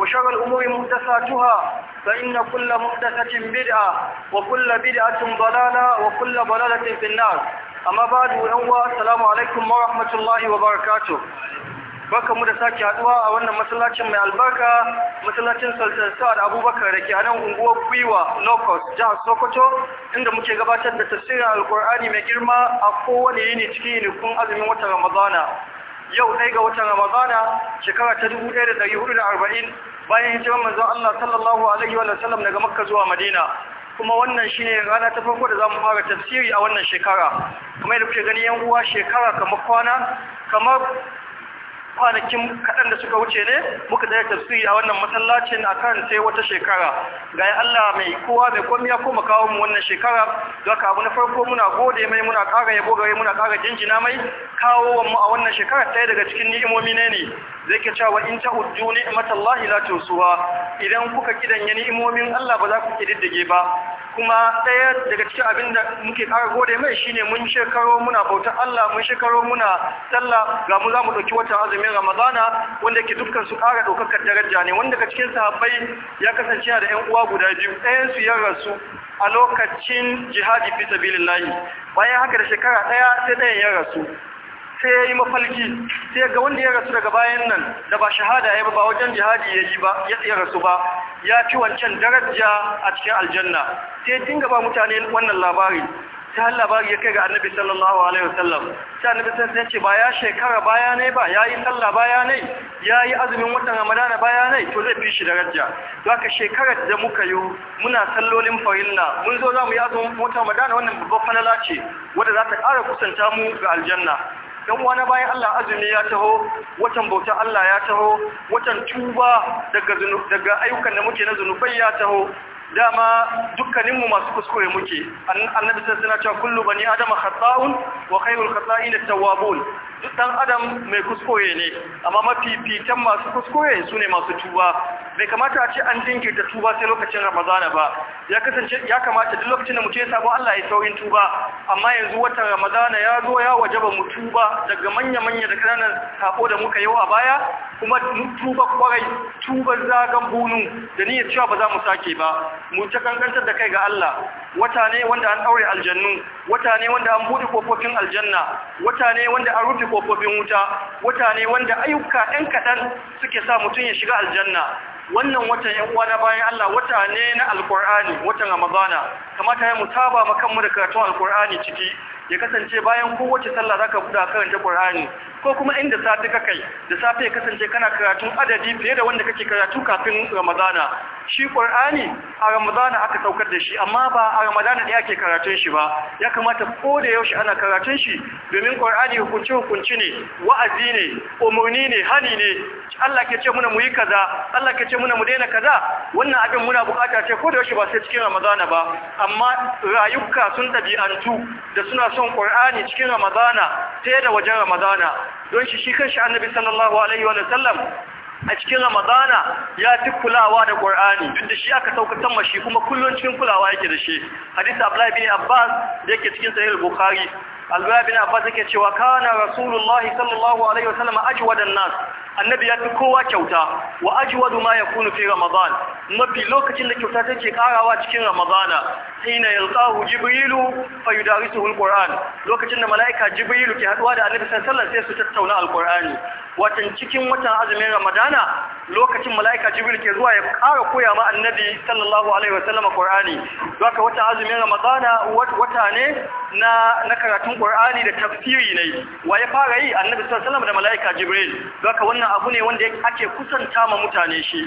وشر الأمور محدثاتها فإن كل محدثة بدعة وكل بدعة ضلالة وكل ضلالة في النار أما بعد أنوا السلام عليكم ورحمة الله وبركاته baka mu da sake haduwa a wannan masallacin mai albarka masallacin Sultan Sa'ad Abubakar da ke a nan unguwar Gwiwa Locust jihar Sokoto inda muke gabatar da tafsirin Alkur'ani mai girma a kowane yini cikin yinikun azumin watan Ramadana yau ɗaya ga watan ramadana shekara ta 1440 bayan hijiran manzon Allah sallallahu alaihi wa sallam daga makka zuwa madina kuma wannan shine rana ta farko da zamu fara tafsiri a wannan shekara kuma yadda kuke gani yan uwa shekara kamar kwana kamar kwanakin kaɗan da suka wuce ne muka tsaye tafsiri a wannan masallacin kan sai wata shekara ga Allah mai kowa mai komi ya koma kawo mu wannan shekara Za ka abu na farko muna gode mai muna ƙara yabo gare muna ƙara jinjina mai kawo mu a wannan shekara ɗaya daga cikin ni'imomi ne ne zai ke cewa in ta hujju ni'matallahi la tusuha idan kuka kidanya ni'imomin Allah ba za ku kididdige ba kuma ɗaya daga cikin abin da muke ƙara gode mai shine mun shekaro muna bautar Allah mun shekaro muna sallah ga mu za mu ɗauki watan azumin Ramadana wanda ke dukkan su ƙara ɗaukakar daraja ne wanda daga cikin sahabbai ya kasance da ƴan uwa guda biyu ɗayan su ya rasu a lokacin jihadi fi sabilillahi bayan haka da shekara ɗaya sai ɗayan ya rasu sai ya yi mafalki sai ga wanda ya rasu daga bayan nan da ba shahada ya ba wajen jihadi ya yi ba ya rasu ba ya ci wancan daraja a cikin aljanna sai dinga ba mutane wannan labari ta har labari ya kai ga annabi sallallahu alaihi wasallam sai annabi sai ya ce ba ya shekara baya ne ba ya yi sallah baya ne ya yi azumin watan ramadana baya ne to zai fi shi daraja to haka shekarar da muka yi muna sallolin farilla mun zo za mu yi azumin watan ramadana wannan babbar falala ce wadda za ta ƙara kusanta mu ga aljanna yan wani bayan Allah azumi ya taho watan bauta Allah ya taho watan tuba daga daga ayyukan da muke na zunubai ya taho dama dukkaninmu masu kuskure muke annabi sallallahu alaihi wasallam kullu bani adama khata'un wa khairul khata'in na tawwabun duk dan adam mai kuskure ne amma mafifitan masu kuskure su ne masu tuba bai kamata a ce an jinkirta tuba sai lokacin ramazana ba ya kasance ya kamata duk lokacin da mutum ya samu Allah ya saurin tuba amma yanzu watan ramazana ya zo ya ba mu tuba daga manya-manya da kananan sako da muka yau a baya kuma tuba kwarai tuba zagan bunu da niyyar cewa ba za mu sake ba mu ta kankantar da kai ga Allah wata ne wanda an aure aljannu wata ne wanda an bude kofofin aljanna wata ne wanda an rufe kofofin wuta wuta ne wanda ayyuka ɗan kaɗan suke sa mutum ya shiga aljanna wannan watan yan uwa na bayan Allah wata ne na alkur'ani watan ramadana kamata ya mutaba makan mu da karatun alkur'ani ciki ya kasance bayan kowace sallah zaka buɗa karanta ƙur'ani. ko kuma inda safi ka kai da safe ya kasance kana karatun adadi fiye da wanda kake karatu kafin ramadana shi ƙur'ani a ramadana aka saukar da shi amma ba a ramadana ne ake karatun shi ba ya kamata ko da yaushe ana karatun shi domin ƙur'ani hukunci hukunci ne wa'azi ne umurni ne hani ne Allah ke ce muna mu yi kaza Allah ke ce muna mu daina kaza wannan abin muna bukata ce ko da yaushe ba sai cikin Ramadana ba amma rayuka sun dabi'antu da suna son Qur'ani cikin Ramadana sai da wajen Ramadana don shi shi kanshi Annabi sallallahu alaihi wa sallam a cikin ramadana ya fi kulawa da ƙur'ani duk da shi aka saukatar mashi kuma kullum cikin kulawa yake da shi hadisi abdullahi bin abbas da yake cikin sahih bukhari albaya bin abbas yake cewa kana rasulullahi sallallahu alaihi wasallam ajwadan nas annabi ya fi kowa kyauta wa ajwadu ma yakunu fi ramadan mafi lokacin da kyauta take karawa cikin ramadana hina yalqahu jibrilu fayudarisuhu alquran lokacin da malaika jibrilu ke haduwa da annabi sallallahu alaihi wasallam sai su tattauna alqurani watan cikin watan azumin ramadana lokacin malaika jibril ke zuwa ya ƙara koya ma annabi sallallahu alaihi wasallam qur'ani doka watan azumin ramadana wata ne na na karatun Qur'ani da tafsiri ne wa ya fara yi Annabi sallallahu alaihi wasallam da malaika Jibril haka wannan abu ne wanda ake kusanta ma mutane shi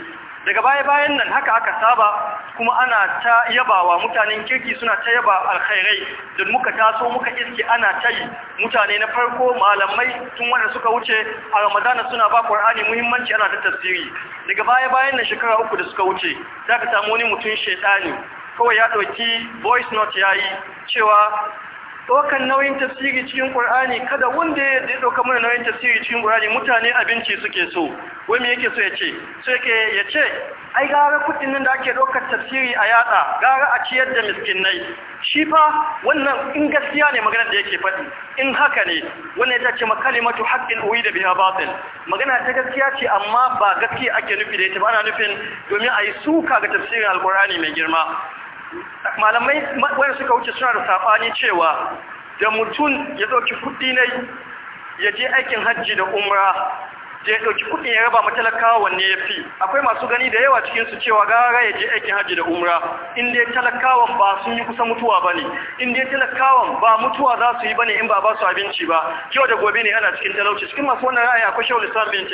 daga baya-bayan nan haka aka saba kuma ana ta yabawa mutanen kirki suna ta yaba alkhairai Don muka taso muka iske ana ta yi mutane na farko malamai tun wanda suka wuce a ramadana suna ba qur'ani muhimmanci ana ta tafsiri daga baya-bayan nan shekara uku da suka wuce za ka samu wani mutum shaidani kawai ya ɗauki voice note ya yi cewa ɗaukar nauyin tafsiri cikin ƙur'ani kada wanda ya ɗauka mana nauyin tafsiri cikin ƙur'ani mutane abinci suke so wai me yake so ya ce so yake ya ce ai gara kuɗin nan da ake ɗaukar tafsiri a yatsa gara a ciyar da miskinai shi fa wannan in gaskiya ne maganar da yake faɗi in haka ne wannan ita ce makalimatu haqqin uwi da biha batil magana ta gaskiya ce amma ba gaskiya ake nufi da ita ba ana nufin domin a yi suka ga tafsirin alƙur'ani mai girma malamai wanda suka wuce suna da sabani cewa da mutum ya dauki kuɗi ne ya je aikin hajji da umra je dauki kuɗi ya raba matalakawa wanne ya fi akwai masu gani da yawa cikin su cewa gara ya je aikin hajji da umra in dai talakawan ba sun yi kusa mutuwa ba ne in dai talakawan ba mutuwa za su yi ba in ba ba su abinci ba yau da gobe ne ana cikin talauci cikin masu wannan ra'ayi akwai shawul islam bin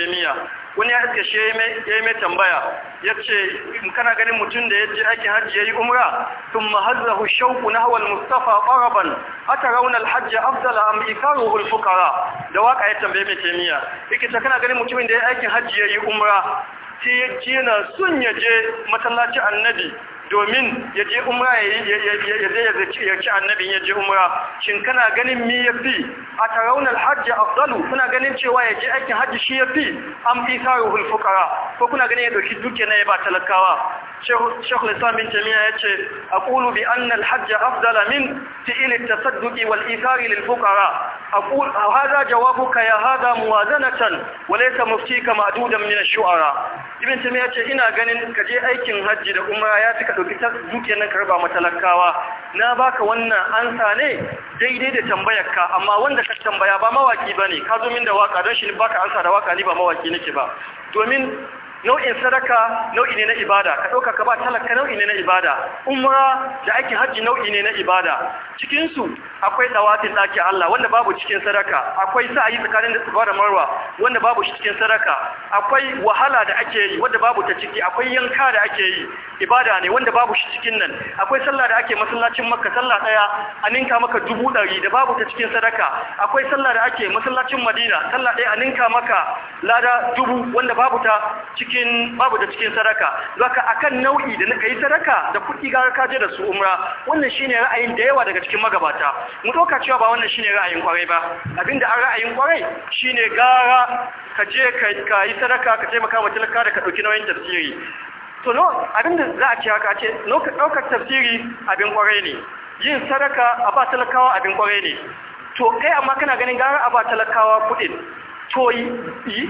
wani ya iske shi ya yi mai tambaya ya ce kana ganin mutum da ya je aikin hajji ya yi umra sun mahazzahu shauku na hawan mustafa ƙaraban ata raunar hajji afdala am ikaruhul fukara da waka ya tambaye mai taimiyya ikita kana ganin mutumin da ya aikin hajji ya yi umra sai na sun ya je masallacin annabi domin ya je umra ya ci annabi ya je umra shin kana ganin mi ya fi a taraunar hajji afdalu kuna ganin cewa ya je aikin hajji shi ya fi an fi ruhun fukara ko kuna ganin ya ɗauki duke na ya ba talakawa shekul islam bin jami'a ya ce a ƙulu bi an alhajji afdala min fi'il tasadduqi wal isari lil fuqara aqul hada jawabuka ya hada muwazanatan wa laysa muftika ma'dudan min ash-shu'ara ibn jami'a ce ina ganin ka je aikin hajji da umra ya tuka dauki tasadduqi nan karba matalakawa na baka wannan ansa ne daidai da tambayarka amma wanda ka tambaya ba mawaki bane ka zo da waka don shi baka ansa da waka ni ba mawaki nake ba domin nau'in sadaka nau'i ne na ibada ka ɗauka ka ba talaka nau'i ne na ibada umra da ake hajji nau'i ne na ibada cikin su akwai dawatin ɗakin Allah wanda babu cikin sadaka akwai sa'ayi tsakanin da tsufa da marwa wanda babu shi cikin sadaka akwai wahala da ake yi wanda babu ta ciki akwai yanka da ake yi ibada ne wanda babu shi cikin nan akwai sallah da ake masallacin makka sallah ɗaya a ninka maka dubu ɗari da babu ta cikin sadaka akwai sallah da ake masallacin madina sallah ɗaya a ninka maka lada dubu wanda babu ta cikin babu da cikin sadaka zaka akan nau'i da naka yi sadaka da kuɗi ga ka je da su umra wannan shine ra'ayin da yawa daga cikin magabata mu doka cewa ba wannan shine ra'ayin kwarai ba abinda an ra'ayin kwarai shine gara ka je ka yi sadaka ka taimaka wa talaka da ka dauki nauyin tafsiri to no abinda za a ce no ka ɗaukar tafsiri abin kwarai ne yin sadaka a ba talakawa abin kwarai ne to kai amma kana ganin gara a ba talakawa kuɗin to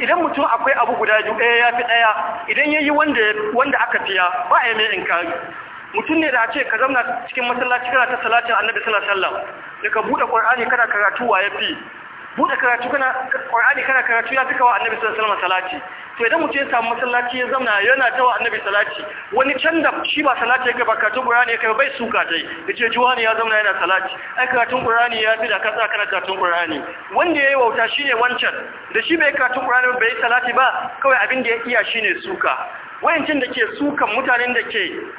idan mutum akwai abu guda biyu ɗaya ya fi ɗaya idan ya yi wanda aka fiya ba a yi mai kari mutum ne da a ce ka zamna cikin masallaci kana ta salatin annabi sallallahu alaihi wasallam da ka buɗe qur'ani kana karatu wa yafi buɗe karatu kana ƙwar'ani kana karatu ya fi wa Annabi sun alaihi salati to idan mutum ya samu masallaci ya zama yana ta wa Annabi salati wani can da shi ba salati yake ba ƙwar'ani ya kai bai suka dai yace juwani ya zama yana salati ai karatun ƙwar'ani ya fi da kasa kana karatun ƙwar'ani wanda ya yi wauta shine wancan da shi bai karatun ba, bai salati ba kawai abin da ya iya shine suka wayancin da ke sukan mutanen da ke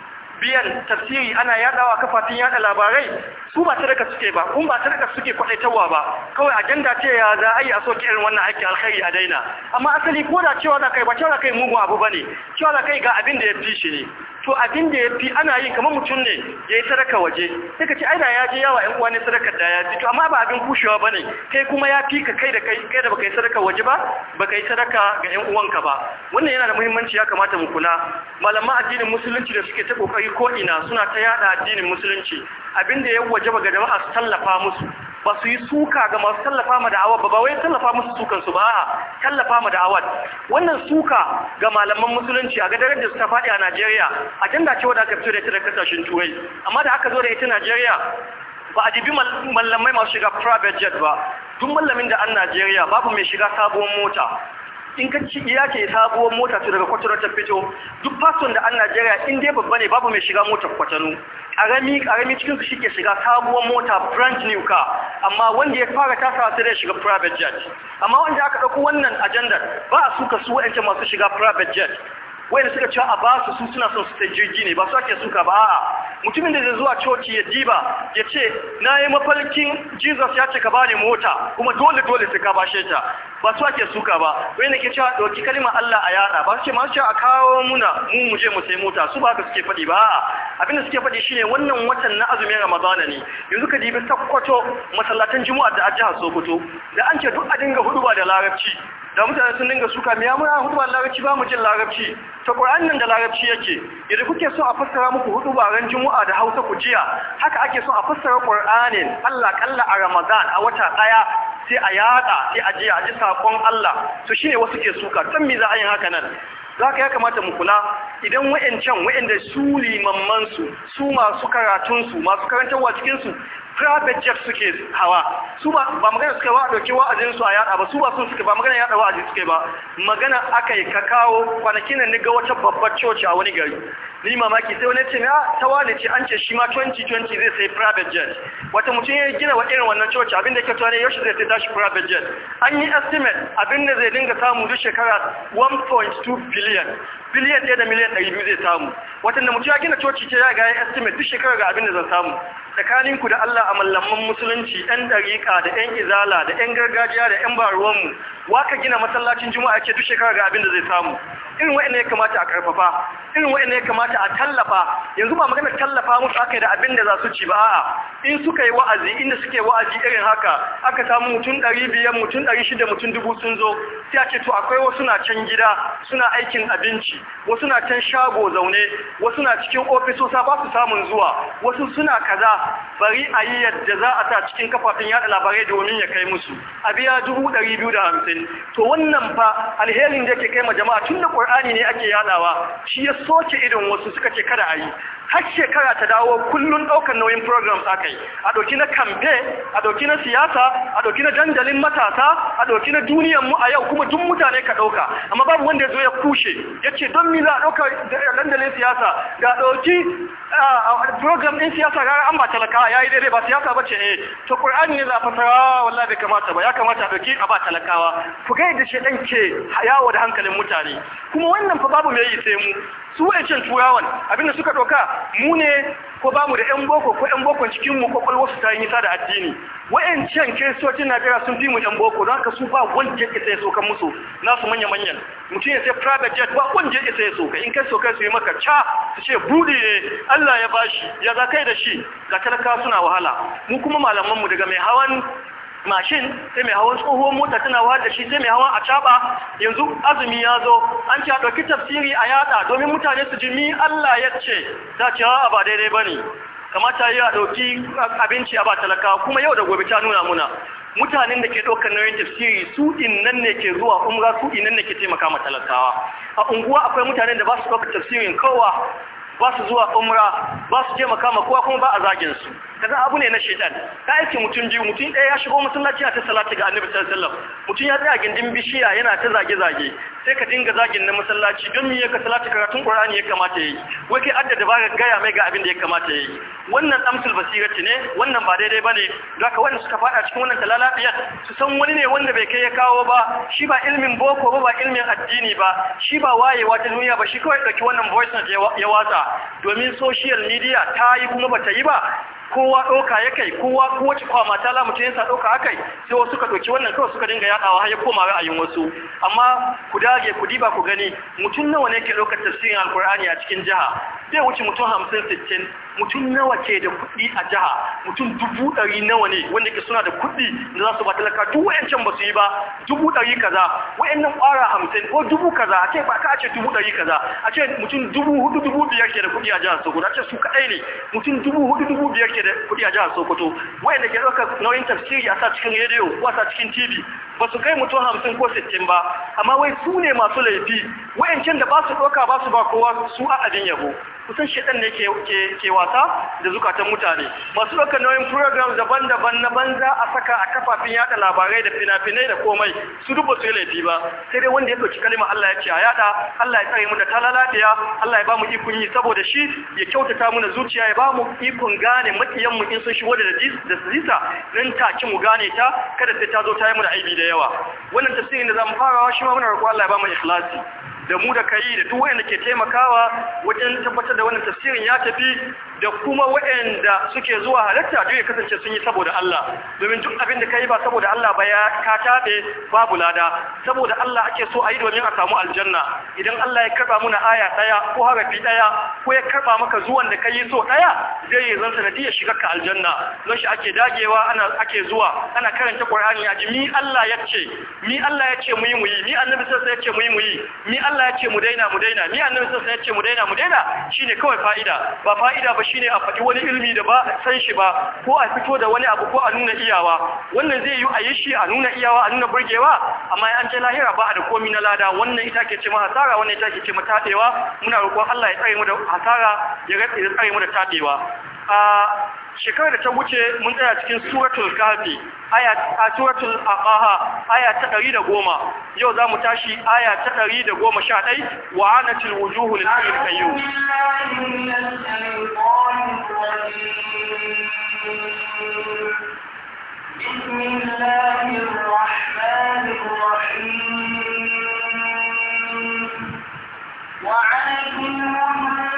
biyan tafsiri ana yadawa kafafin yada labarai su ba ka suke ba kun ba ka suke kwadaitarwa ba kawai a ce ya za a yi a soke irin wannan aiki alkhairi a daina amma asali ko da cewa za kai ba cewa za kai mugun abu bane cewa za kai ga abin da ya fi shi ne to abin da ya fi ana yi kamar mutum ne ya yi sadaka waje sai ka ce aina ya je yawa yan uwa ne sadakar da ya ji to amma ba abin kushewa ba ne kai kuma ya fi ka kai da kai kai da baka yi sadaka waje ba baka yi sadaka ga yan uwanka ba wannan yana da muhimmanci ya kamata mu kula malaman addinin musulunci da suke ta kokari ko ina suna ta yada addinin musulunci abin da ya waje ba ga jama'a su tallafa musu ba su yi suka ga masu tallafa ma da'awar ba ba wai tallafa musu sukan su ba tallafa ma da'awar wannan suka ga malaman musulunci a gadar da suka faɗi a Najeriya a a ce da aka fito da ita da kasashen turai amma da aka zo da ita Najeriya ba a jibi mallamai masu shiga private jet ba duk mallamin da an Najeriya babu mai shiga sabuwar mota in ka ci ya ce sabuwar mota su daga kwatano ta fito duk fason da an najeriya in dai babba ne babu mai shiga motar kwatano karami karami cikin su shike shiga sabuwar mota brand new car amma wanda ya fara tasa sai da shiga private jet amma wanda aka dauko wannan ajandar ba a suka su wa'ance masu shiga private jet wanda suka cewa a ba su suna son su sai jirgi ne ba su ake suka ba a mutumin da zai zuwa coci ya diba ya ce na yi mafarkin jesus ya ce ka ba ni mota kuma dole dole sai ka bashe ta ba su ake suka ba wanda ke cewa ɗauki kalimar allah a yada ba su ce masu cewa a kawo muna mu mu je mu sai mota su ba ka suke faɗi ba A abin da suke faɗi shine wannan watan na azumin ramadana ne yanzu ka dibi sakkwato masallatan juma'a da a jihar sokoto da an ce duk a dinga hudu ba da larabci da mutane sun dinga suka miya muna hutuba larabci ba mu jin larabci Ta qur'an nan da larabci yake idan kuke so a fassara muku hutuba ran juma'a da hausa ku jiya haka ake so a fassara qur'anin Allah kalla a ramadan a wata ɗaya sai a yada sai a jiya a ji sakon Allah to shine wasu ke suka san me za a yi haka nan zaka ya kamata mu kula idan wa'ancan wa'anda su limamman su su masu karatunsu, su masu karantarwa cikin su private jet suke hawa su ba magana suka ba dauki wa'azin su a yada ba su ba su suke ba magana yada wa'azi suke ba magana aka yi ka kawo kwanakin nan ga wata babbar coci a wani gari ni mamaki sai wani ce na ah, ta wani ce an ce shi ma 2020 zai sai private jet wata mutum ya gina wa irin wannan coci abin da ke tuwa ne yaushe zai sai tashi private jet an yi estimate abin da zai dinga samu duk shekara 1.2 billion biliyan ɗaya da miliyan ɗari biyu zai samu watan da mutum ya gina coci ce ya ga ya estimate duk shekara ga abin da zan samu tsakaninku da Allah a musulunci ɗan ɗariƙa da ɗan izala da ɗan gargajiya da ɗan baruwanmu waka gina masallacin juma'a ce duk shekara ga abin da zai samu irin wa'ina ya kamata a karfafa irin wa'ina ya kamata a tallafa yanzu ba maganar tallafa musu aka yi da abin da za su ci ba a'a in suka yi wa'azi inda suke wa'azi irin haka aka samu mutum ɗari biyar mutum ɗari shida mutum dubu sun zo sai a ce to akwai wasu na can gida suna aikin abinci wasu na can shago zaune wasu na cikin ofisosa ba su samun zuwa wasu suna kaza bari a yi yadda da za a sa cikin kafafen yada labarai domin ya kai musu a biya dubu ɗari biyu da hamsin to wannan fa alherin da ke kai ma jama'a tun da ƙur'ani ne ake yadawa shi ya soke idon wasu suka ce kada a yi har shekara ta dawo kullum ɗaukar nauyin programs aka yi a ɗauki na kamfe a ɗauki na siyasa a ɗauki na dandalin matasa a ɗauki na duniyar mu a yau kuma duk mutane ka ɗauka amma babu wanda ya zo ya kushe ya ce don mi za a ɗauka dandalin siyasa ga ɗauki ah, program ɗin siyasa gara an ba talakawa ya yi daidai ba ba siyasa bace eh to Qur'ani ne za ah, wallahi bai kamata ba ya kamata a dauki a ba talakawa ku ga yadda shedan ke yawo da hankalin mutane kuma wannan fa babu mai yi sai mu su wa'ancan turawan abinda suka doka mu ne ko ba mu da yan boko ko yan bokon cikin mu kwakwal su ta yi nisa da addini wayancan kiristocin najeriya sun fi mu yan boko don haka su ba wanda ya isa ya sokan musu nasu manya-manyan mutum ya sai private jet ba wanda ya isa ya soka in kai kai su yi maka ca su ce buɗe ne allah ya bashi ya za kai da shi ga talaka suna wahala mu kuma malamanmu daga mai hawan mashin sai mai hawan tsohuwar mota tana wayar da shi sai mai hawan acaba yanzu azumi ya zo an ce a ɗauki tafsiri a yada domin mutane su jimi Allah ya ce ta ce hawa ba daidai ba ne kamata yi a ɗauki abinci a ba talaka kuma yau da gobe ta nuna muna mutanen da ke ɗaukar nauyin tafsiri su nan ne ke zuwa umra su nan ne ke taimaka ma talakawa a unguwa akwai mutanen da ba su ɗaukar tafsirin kowa ba su zuwa umra ba su je makama kowa kuma ba a zagin su kaza abu ne na shaitan ta aiki mutum biyu mutum ɗaya ya shigo masallaci ta salati ga annabi sallallahu alaihi wasallam mutum ya tsaya gindin bishiya yana ta zage zage sai ka dinga zagin na masallaci don me yake salati karatun qur'ani ya kamata yayi wai kai da ba gaya mai ga abin da ya kamata yayi wannan amsul basirati ne wannan ba daidai bane haka wanda suka fada cikin wannan talalafiyar su san wani ne wanda bai kai ya kawo ba shi ba ilmin boko ba ba ilmin addini ba shi ba wayewa ta duniya ba shi kawai dauki wannan voice ya watsa domin social media ta yi kuma ba ta yi ba kowa ɗauka ya kai kowa kowace kwama ta lamuce yasa ɗauka akai sai wasu ka ɗauki wannan kawai suka dinga yaɗawa har ya koma ra'ayin wasu amma ku dage ku diba ku gani mutum nawa ne ke ɗaukar tafsirin alkur'ani a cikin jiha zai wuce mutum hamsin sittin mutum nawa ke da kuɗi a jiha mutum dubu ɗari nawa ne wanda ke suna da kuɗi da za su ba talaka duk wa'ancan ba su yi ba dubu ɗari kaza wa'annan ƙwara hamsin ko dubu kaza a ce ba ka ce dubu ɗari kaza a ce mutum dubu hudu dubu biyar ke da kuɗi a jihar sokoto a ce su kaɗai ne mutum dubu hudu dubu biyar ke ke da kudi a jihar Sokoto wayanda ke ɗaukar nauyin tafsiri a sa cikin rediyo ko a sa cikin TV ba su kai mutum hamsin ko sittin ba amma wai su ne masu laifi wayancan da ba su ɗauka ba su ba kowa su a abin yabo kusan shaɗan ne ke wasa da zukatan mutane masu ɗauka nauyin program daban-daban na banza a saka a kafafin yada labarai da fina-finai da komai su duk su yi laifi ba sai dai wanda ya ɗauki kalima Allah ya ce a yada Allah ya tsare mu da talalafiya Allah ya ba mu ikon yi saboda shi ya kyautata mu da zuciya ya ba mu ikon gane makiyan mu in sun shigo da da zita nan take mu gane ta kada sai ta zo ta yi mu da aibi da yawa wannan tafsirin da zamu farawa shi ma muna roƙo Allah ya ba mu ikhlasi da mu da kai da duk wanda ke taimakawa wajen tabbatar da wannan tafsirin ya tafi da kuma waɗanda suke zuwa halatta duk ya kasance sun yi saboda Allah domin duk abin da kai ba saboda Allah ba ya ka tabe babu lada saboda Allah ake so a yi domin a samu aljanna idan Allah ya karba muna aya daya ko harafi daya ko ya karba maka zuwan da kai so daya zai yi zan ya shigar ka aljanna don shi ake dagewa ana ake zuwa ana karanta Qur'ani a ji Allah ya ce mi Allah ya ce mu yi mu yi mi annabi sallallahu ya ce mu yi mu yi mi Allah ya ce mu daina mu daina mi annabi sallallahu ya ce mu daina mu daina shine kawai fa'ida ba fa'ida ba ne a faɗi wani ilmi da ba a san shi ba ko a fito da wani abu ko a nuna iyawa wannan zai yi a yi shi a nuna iyawa a nuna burgewa amma an ce lahira ba a da komi na lada wannan ita ke ce hasara wannan ita ke ce ma muna roƙon Allah ya tsare mu da hasara ya tsare mu da tadewa a shekarar da ta wuce mun tsaya cikin suratul kafi a suratul aqaha aya ta da goma, yau za mu tashi aya ta 111 wa anatil wujuhu lil hayy qayyum بسم الله الرحمن الرحيم وعنت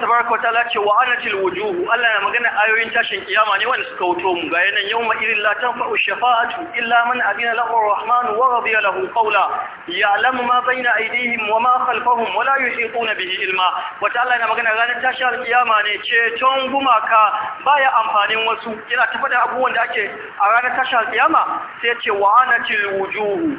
tabaraka wa ta'ala ce wa anatil wujuhu Allah na magana ayoyin tashin kiyama ne wanda suka wuto mu ga yanan yawma idin la tanfa'u shafa'atu illa man adina lahu ar-rahman wa radiya lahu qawla ya'lamu ma bayna aydihim wa ma khalfahum wa la yuhituna bihi ilma wa ta'ala na magana ranar tashin kiyama ne ce ton gumaka baya amfanin wasu yana ta faɗa abubuwan da ake a ranar tashin kiyama sai ce wa anatil wujuhu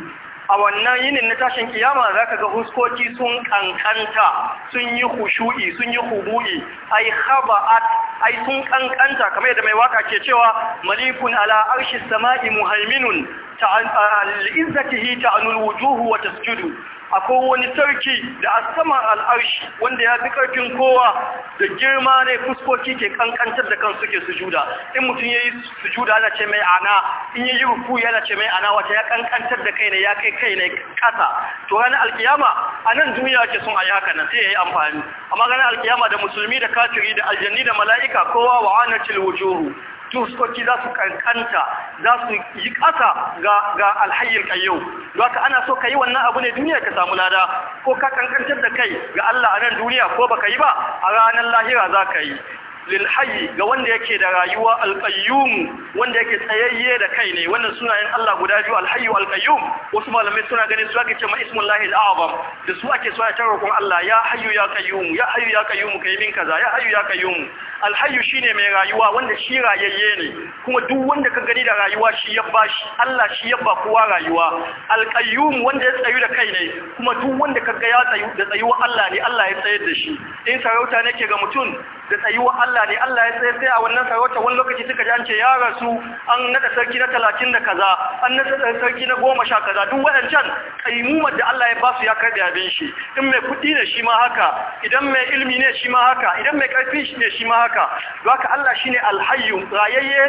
a wannan yinin na tashin kiyama za ka ga huskoki sun kankanta sun yi hushu'i sun yi hubu'i ai haba'at ai sun kankanta kamar yadda mai waka ke cewa malikun ala arshi sama'i muhaiminun ta'al izzatihi ta'anul wujuhu wa tasjudu akwai wani sarki da asamar al'arshi wanda ya fi ƙarfin kowa da girma ne fuskoki ke kankantar da kansu ke sujuda in mutum ya yi sujuda ana ce mai ana in ya yi ruku yana ce mai ana wata ya kankantar da kai ne ya kai kai ne kasa to ranar alkiyama a nan duniya ke son ayi yi haka nan sai ya yi amfani amma ranar alkiyama da musulmi da kafiri da aljanni da mala'ika kowa wa'anatil wujuhu tuskoki za su kankanta za su yi ƙasa ga alhayyar kayyau za ka ana so ka yi wannan abu ne duniya ka samu lada ko ka kankantar da kai ga Allah a nan duniya ko baka yi ba a ranar lahira za ka yi lilhayi ga wanda yake da rayuwa alƙayyum wanda yake tsayayye da kai ne wannan suna yin Allah guda biyu alhayyu alƙayyum wasu malamai suna ganin su ake cewa ismullahi al'azam da su ake so a ta roƙon Allah ya hayyu ya qayyum ya hayyu ya qayyum kai min kaza ya hayyu ya qayyum alhayyu shine mai rayuwa wanda shi rayayye ne kuma duk wanda ka gani da rayuwa shi ya ba shi Allah shi ya ba kowa rayuwa alqayyum wanda ya tsayu da kai ne kuma duk wanda ka ga ya tsayu da tsayuwa Allah ne Allah ya tsayar da shi in sarauta nake ga mutum da tsayuwa Allah Allah ne Allah ya tsaye a wannan sarauta wani lokaci suka ji an ce ya rasu an nada sarki na talatin da kaza an nada sarki na goma sha kaza duk waɗancan kaimumar da Allah ya ba su ya karɓi abin shi in mai kuɗi ne shi ma haka idan mai ilmi ne shi ma haka idan mai ƙarfi ne shi ma haka haka Allah shine alhayyu rayayye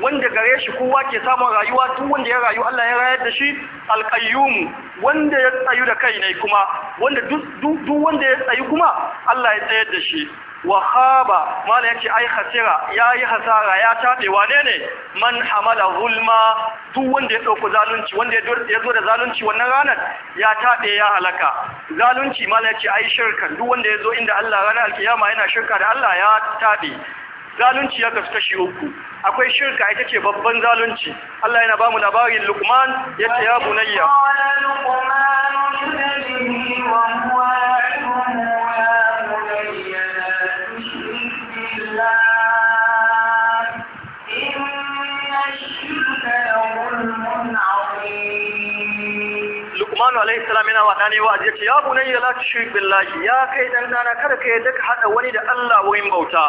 wanda gare shi kowa ke samun rayuwa duk wanda ya rayu Allah ya rayar da shi alqayyum wanda ya tsayu da kai ne kuma wanda duk wanda ya tsayu kuma Allah ya tsayar da shi wa khaba mala ai ai khasira yayi hasara ya tabe wane ne man amala zulma duk wanda ya dauko zalunci wanda ya zo da zalunci wannan ranar ya tabe ya halaka zalunci mala yake ai shirkan duk wanda ya zo inda Allah ranar alkiyama yana shirka da Allah ya tabe zalunci ya kasu kashi uku akwai shirka ita ce babban zalunci Allah yana bamu labarin Luqman yace ya bunayya qala luqman yana wa ɗane wa ya ce ya bunayya la tushrik billahi ya kai dan dana kada ka yadda daka hada wani da Allah wurin bauta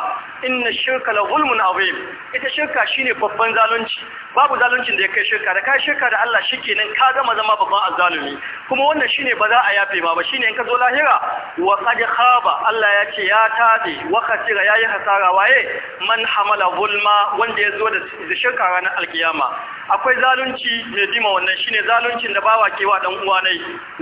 inna shirka la zulmun azim ita shirka shine babban zalunci babu zaluncin da ya kai shirka da kai shirka da Allah nan ka gama zama babban azzalumi kuma wannan shine ba za a yafe ba ba shine in ka zo lahira wa qad khaba Allah ya ce ya tabe wa khasira yayi hasara waye man hamala zulma wanda ya zo da shirka ranar alkiyama akwai zalunci mai dima wannan shine zaluncin da bawa kewa dan uwa ne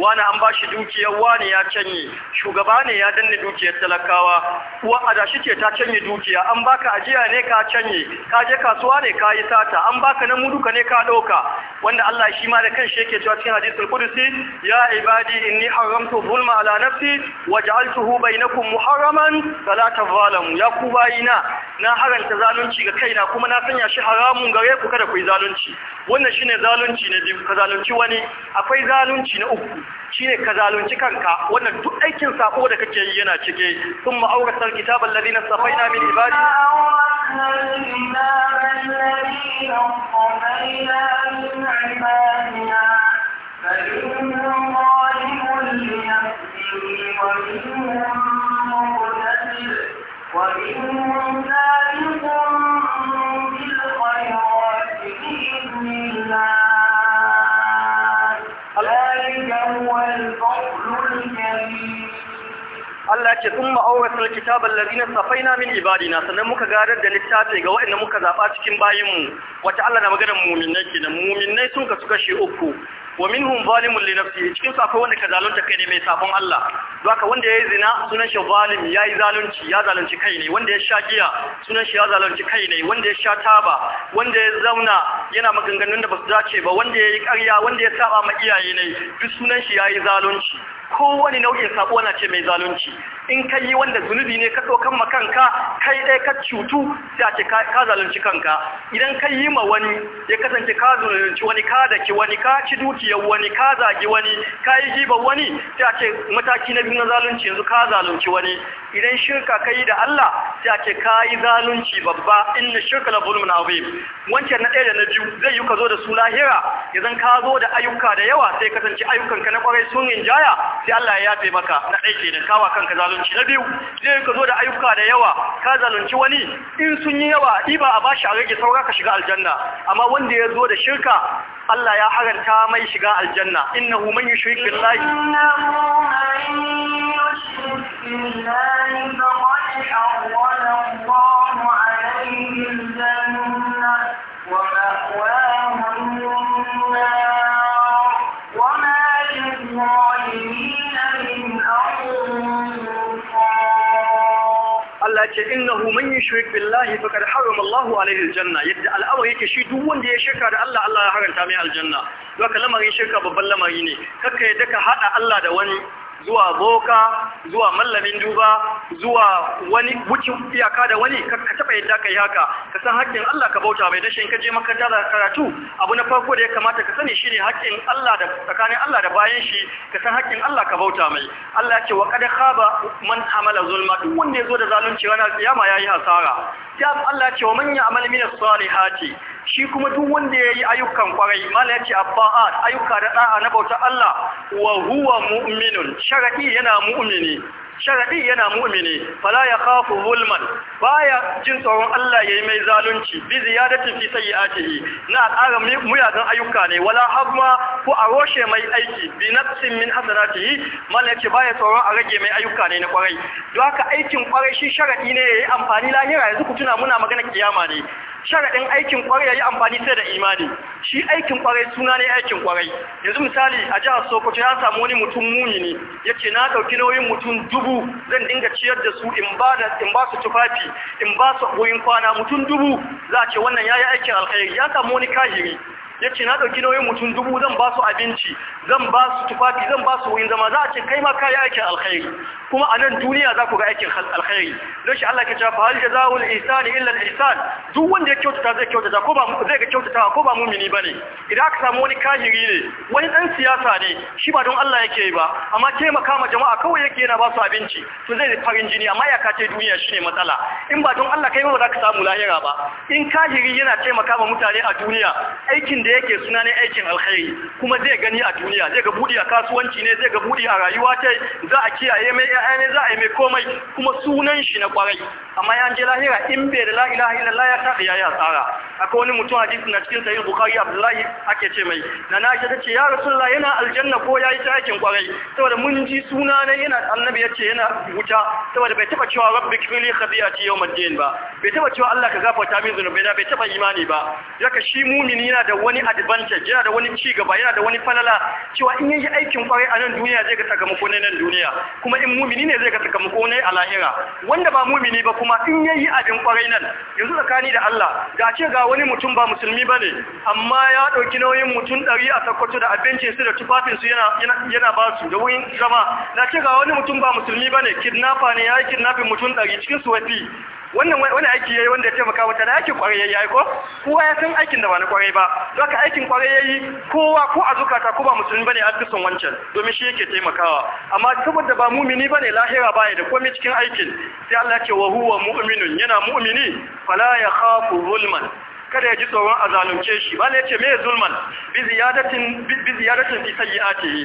wani an bashi dukiyar wani ya canye shugaba ne ya danne dukiyar talakawa uwa adashi ce ta canye dukiya an baka ajiya ne ka canye ka je kasuwa ne ka yi sata an baka haka nan mu ne ka ɗauka wanda Allah shi ma da kanshi yake cewa cikin hadisul qudsi ya ibadi inni haramtu zulma ala nafsi waj'altuhu bainakum muharraman fala tazalamu ya ku bayina na haranta zalunci ga kaina kuma na sanya shi haramun gare ku kada ku yi zalunci wannan shine zalunci na biyu ka zalunci wani akwai zalunci na uku shine ka zalunci kanka wannan duk aikin sako da kake yi yana cike thumma awrasal kitabal ladina safaina min ibadi no con ce thumma awrasna na alladhina safaina min na, sannan muka gadar da littafi ga waɗanda muka zaɓa cikin bayinmu wata Allah na maganar mu'minai nan mu'minai sun ka suka shi uku wa min zalimun li nafsihi cikin su akwai wanda ka zalunta kai ne mai safon Allah ka wanda ya yi zina sunan shi ya yi zalunci ya zalunci kai ne wanda ya sha giya sunan shi ya zalunci kai ne wanda ya sha taba wanda ya zauna yana maganganun da ba su dace ba wanda ya yi karya wanda ya saba ma iyaye ne duk sunan shi ya yi zalunci kowane nau'in sabo na ce mai zalunci in ka yi wanda zunubi ne ka ɗaukan ma kanka kai ɗaya ka cutu sai a ce ka zalunci kanka idan ka yi ma wani ya kasance ka zalunci wani ka daki wani ka ci dukiyar wani ka zagi wani ka yi jibar wani sai a ce mataki na biyu na zalunci yanzu ka zalunci wani idan shirka ka yi da Allah sai a ce ka yi zalunci babba inna shirka la zulmun azim wancan na ɗaya da na biyu zai yi ka zo da su lahira idan ka zo da ayyuka da yawa sai kasance ayyukanka na kwarai sun rinjaya sai Allah ya yafe maka na aiki da kawa kanka zalunci na biyu sai ka zo da ayyuka da yawa ka zalunci wani in sun yi yawa iba a bashi a rage saura ka shiga aljanna amma wanda ya zo da shirka Allah ya haranta mai shiga aljanna innahu man yushrik billahi innahu man yushrik billahi faqad awwala Allahu alayhi ce innahu man yushrik billahi faqad harama Allahu alaihi aljanna yadda al'amari yake shi duk wanda ya shirka da Allah Allah ya haranta mai aljanna don lamarin shirka babban lamari ne Ka yadda ka hada Allah da wani zuwa boka zuwa mallamin duba zuwa wani wuce iyaka da wani ka taɓa yadda ka yi haka ka san haƙƙin Allah ka bauta mai dashin ka je makaranta da karatu abu na farko da ya kamata ka sani shine haƙƙin Allah da tsakanin Allah da bayan shi ka san haƙƙin Allah ka bauta mai Allah ce wa qad khaba man amala zulma duk wanda ya zo da zalunci ranar kiyama yayi hasara ya Allah ce wa man ya'mal min as-salihati shi kuma duk wanda yayi ayyukan kwarai mala ya ce abba'at ayyuka da da'a na bauta Allah wa huwa mu'minun sharadi yana mu'mini Sharaɗi yana mu'mini fala ya khafu zulman ya jin tsoron Allah ya yi mai zalunci bi ziyadatin fi yi. na ƙara muyagan ayyuka ne wala habma ko a roshe mai aiki bi nafsin min hasanatihi ba ya tsoron a rage mai ayyuka ne na kwarai don haka aikin kwarai shi sharaɗi ne yayi amfani lahira yanzu ku tuna muna magana kiyama ne sharaɗin aikin ya yi amfani sai da imani shi aikin ƙwarai suna ne aikin ƙwarai, yanzu misali a jihar Sokoto ya samu wani mutum muni ne ya ce na ɗauki nauyin mutum dubu zan dinga ciyar da su in ba su tufafi in ba su goyin kwana mutum dubu za a ce wannan ya yi aikin alkhairi ya samu wani kahiri ya ce na ɗauki nauyin mutum dubu zan ba su abinci zan ba su tufafi zan ba su wuyin zama za a ce kai ma kaya yi aikin alkhairi kuma a nan duniya za ku ga aikin alkhairi don shi Allah ke cewa fahal jazaa'ul ihsani illa al-ihsan duk wanda ya kyautata zai kyautata ko ba zai ga kyautata ko ba mumini bane idan aka samu wani kahiri ne wani dan siyasa ne shi ba don Allah yake yi ba amma taimaka ma jama'a kawai yake yana ba su abinci to zai yi farin jini amma ya kace duniya shine matsala in ba don Allah kai ba za ka samu lahira ba in kahiri yana taimaka ma mutane a duniya aikin da yake suna ne aikin alkhairi kuma zai gani a duniya zai ga budi a kasuwanci ne zai ga budi a rayuwa ta za a kiyaye mai yaya ne za a yi mai komai kuma sunan shi na kwarai amma ya je lahira in bai da la ilaha illallah ya ya ya asara akwai wani mutum hadisi na cikin sahih bukhari abdullahi ake ce mai Na na, aisha tace ya rasulullah yana aljanna ko yayi ta aikin kwarai saboda mun ji suna ne yana annabi ce yana wuta saboda bai taba cewa rabbi fili khabiyati yawmal ad-din ba bai taba cewa Allah ka gafarta min zunubaina bai taba imani ba yaka shi mumini yana da wani advantage yana da wani ci gaba yana da wani falala cewa in yi aikin kwarai a nan duniya zai ga sakamako ne nan duniya kuma in mumini ne zai ga sakamako ne a lahira wanda ba mumini ba kuma in yayi abin kwarai nan yanzu tsakani da Allah da ce ga wani mutum ba musulmi bane amma ya dauki nauyin mutum 100 a sakkwato da abincin su da tufafin su yana yana ba su da wurin zama na ce ga wani mutum ba musulmi bane kidnapper ne ya yi kidnapping mutum 100 cikin su wannan wani aiki yayi wanda ya taimaka mutane aikin kwarai yayi ko kowa ya san aikin da ba na kwarai ba haka aikin kwarai yayi kowa ko a zukata ko ba musulmi bane an cikin wancan domin shi yake taimakawa amma saboda ba mumini bane lahira baya da komai cikin aikin sai Allah ya ce wa huwa mu'minun yana mu'mini fala khafu zulman kada ya ji tsoron a zalunce shi ba ne ce me zulman bi sayi a ce yi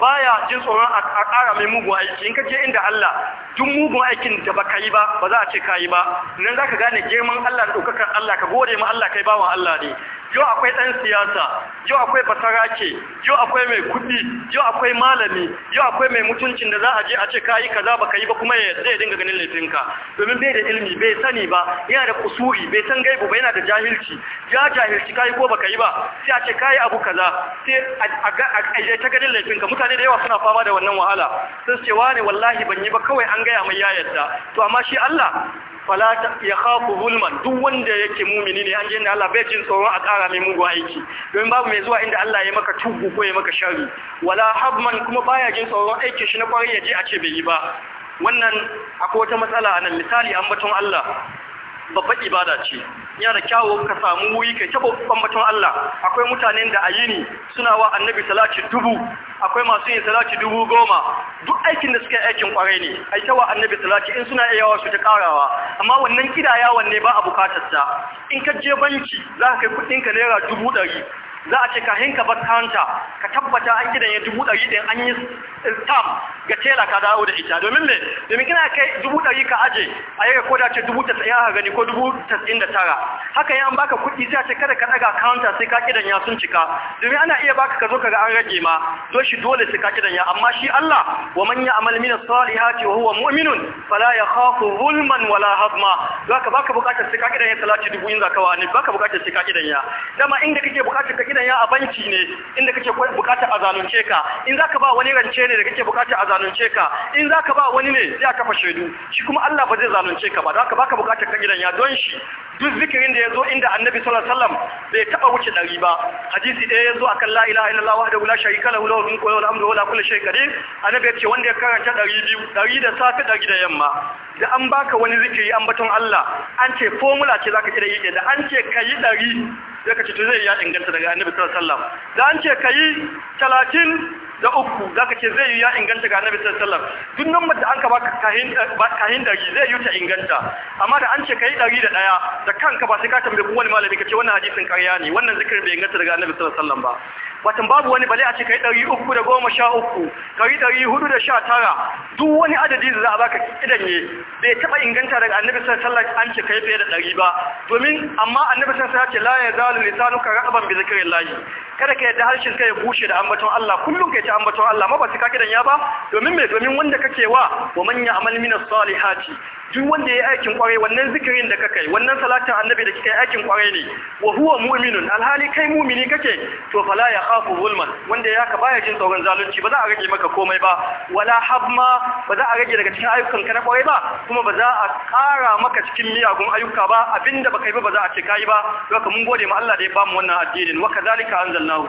Ba ya jin tsoron a ƙara mai mugun aiki in kaje inda Allah duk mugun aikin da ba ka yi ba ba za a ce ka yi ba nan ka gane girman Allah da ɗaukakar Allah ka gode ma Allah kai bawan Allah ne yau akwai ɗan siyasa yau akwai basarake yau akwai mai kuɗi yau akwai malami yau akwai mai mutuncin da za a je a ce kayi kaza baka yi ba kuma ya zai dinga ganin laifinka domin bai da ilimi bai sani ba yana da kusuri bai san gaibu ba yana da jahilci ya jahilci kayi ko baka yi ba sai a ce kayi abu kaza sai a ta ganin laifinka mutane da yawa suna fama da wannan wahala sun ce wani wallahi ban yi ba kawai an gaya mai ya yadda to amma shi Allah falata ya khafu zulman duk wanda yake mumini ne an je Allah bai jin tsoro a ƙara mai mugun aiki don babu mai zuwa inda Allah ya maka tugu ko ya maka sharri wala habman kuma baya jin tsoron aiki shi na kwari ya je a ce bai yi ba wannan akwai wata matsala a nan misali ambaton Allah babban ibada ce yana da kyawo ka samu wuyi kai tabo batun Allah akwai mutanen da ayini suna wa annabi salati dubu akwai masu yin salati dubu goma duk aikin da suka yi aikin kwarai ne ai ta wa annabi salati in suna iya su ta karawa amma wannan kidayawan ne ba a bukatar in ka je banki za ka kai kudin ka naira dubu ɗari za a ce kahin ka bar kanta ka tabbata an gidan ya dubu ɗari ɗin an yi stamp ga tela ka dawo da ita domin me domin kina kai dubu ɗari ka aje a yaga ko da ce dubu tasa'in ya gani ko dubu tasa'in da tara haka yi an baka kuɗi sai a ce kada ka ɗaga kanta sai ka kidan ya sun cika domin ana iya baka ka zo ka ga an rage ma to shi dole sai ka kidan ya amma shi Allah wa man ya'mal min as-salihati wa huwa mu'minun fala yakhafu zulman wala hazma zaka baka bukatar sai ka kidan ya talaci dubu in zakawa ne baka bukatar sai ka kidan ya dama inda kake bukatar idan ya a ne inda kake bukatar a zalunce ka in zaka ba wani rance ne da kake bukatar a zalunce ka in zaka ba wani ne a kafa shaidu shi kuma Allah ba zai zalunce ka ba Za baka bukatar ka gidan ya don shi duk zikirin da ya zo inda Annabi sallallahu alaihi wasallam bai taba wuce dari ba hadisi ɗaya yazo akan la ilaha illallah wahdahu la sharika lahu lahu mulku wa lahu alhamdu wa ya ce wanda ya karanta 200 dari da safe dari da yamma da an baka wani zikiri an baton Allah an ce formula ce zaka kira yake da an ce kayi dari ya kace to zai ya inganta daga annabi sallallahu alaihi wasallam da an ce kai 30 da uku zaka ce zai yi ya inganta ga annabi sallallahu alaihi wasallam duk numbar da anka baka kahin kahin dari zai yi ta inganta amma da an ce kai dari da daya da kanka ba sai ka tambaye ko wani malami kace wannan hadisin ƙarya ne wannan zikirin bai inganta daga annabi sallallahu alaihi wasallam ba watan babu wani bale a ce ka yi ɗari uku da goma sha uku Ka yi ɗari hudu da sha tara duk wani adadi da za a baka ne. bai taɓa inganta daga annabi sallar an ce yi fiye da ɗari ba domin amma annabi sallallahu sallar ce laye ya zalu lisanu ka raqaban bi zikrillah kada ka yadda harshen ka ya bushe da ambaton Allah kullum yi wuce ambaton Allah ma ba su kake ya ba domin me domin wanda kake wa wa man ya'mal min as-salihati duk wanda yayi aikin kwarai wannan zikirin da kake wannan salatin annabi da kake aikin kwarai ne wa huwa mu'minun alhali kai mu'mini kake to fala ya khafu zulman wanda ya ka baya jin tsoron zalunci ba za a rage maka komai ba wala habma ba za a rage daga cikin ayyukan ka na kwarai ba kuma ba za a kara maka cikin miyagun ayyuka ba abinda baka yi ba ba za a ce kai ba haka mun gode ma Allah da ya bamu wannan addinin wa kadhalika anzalnahu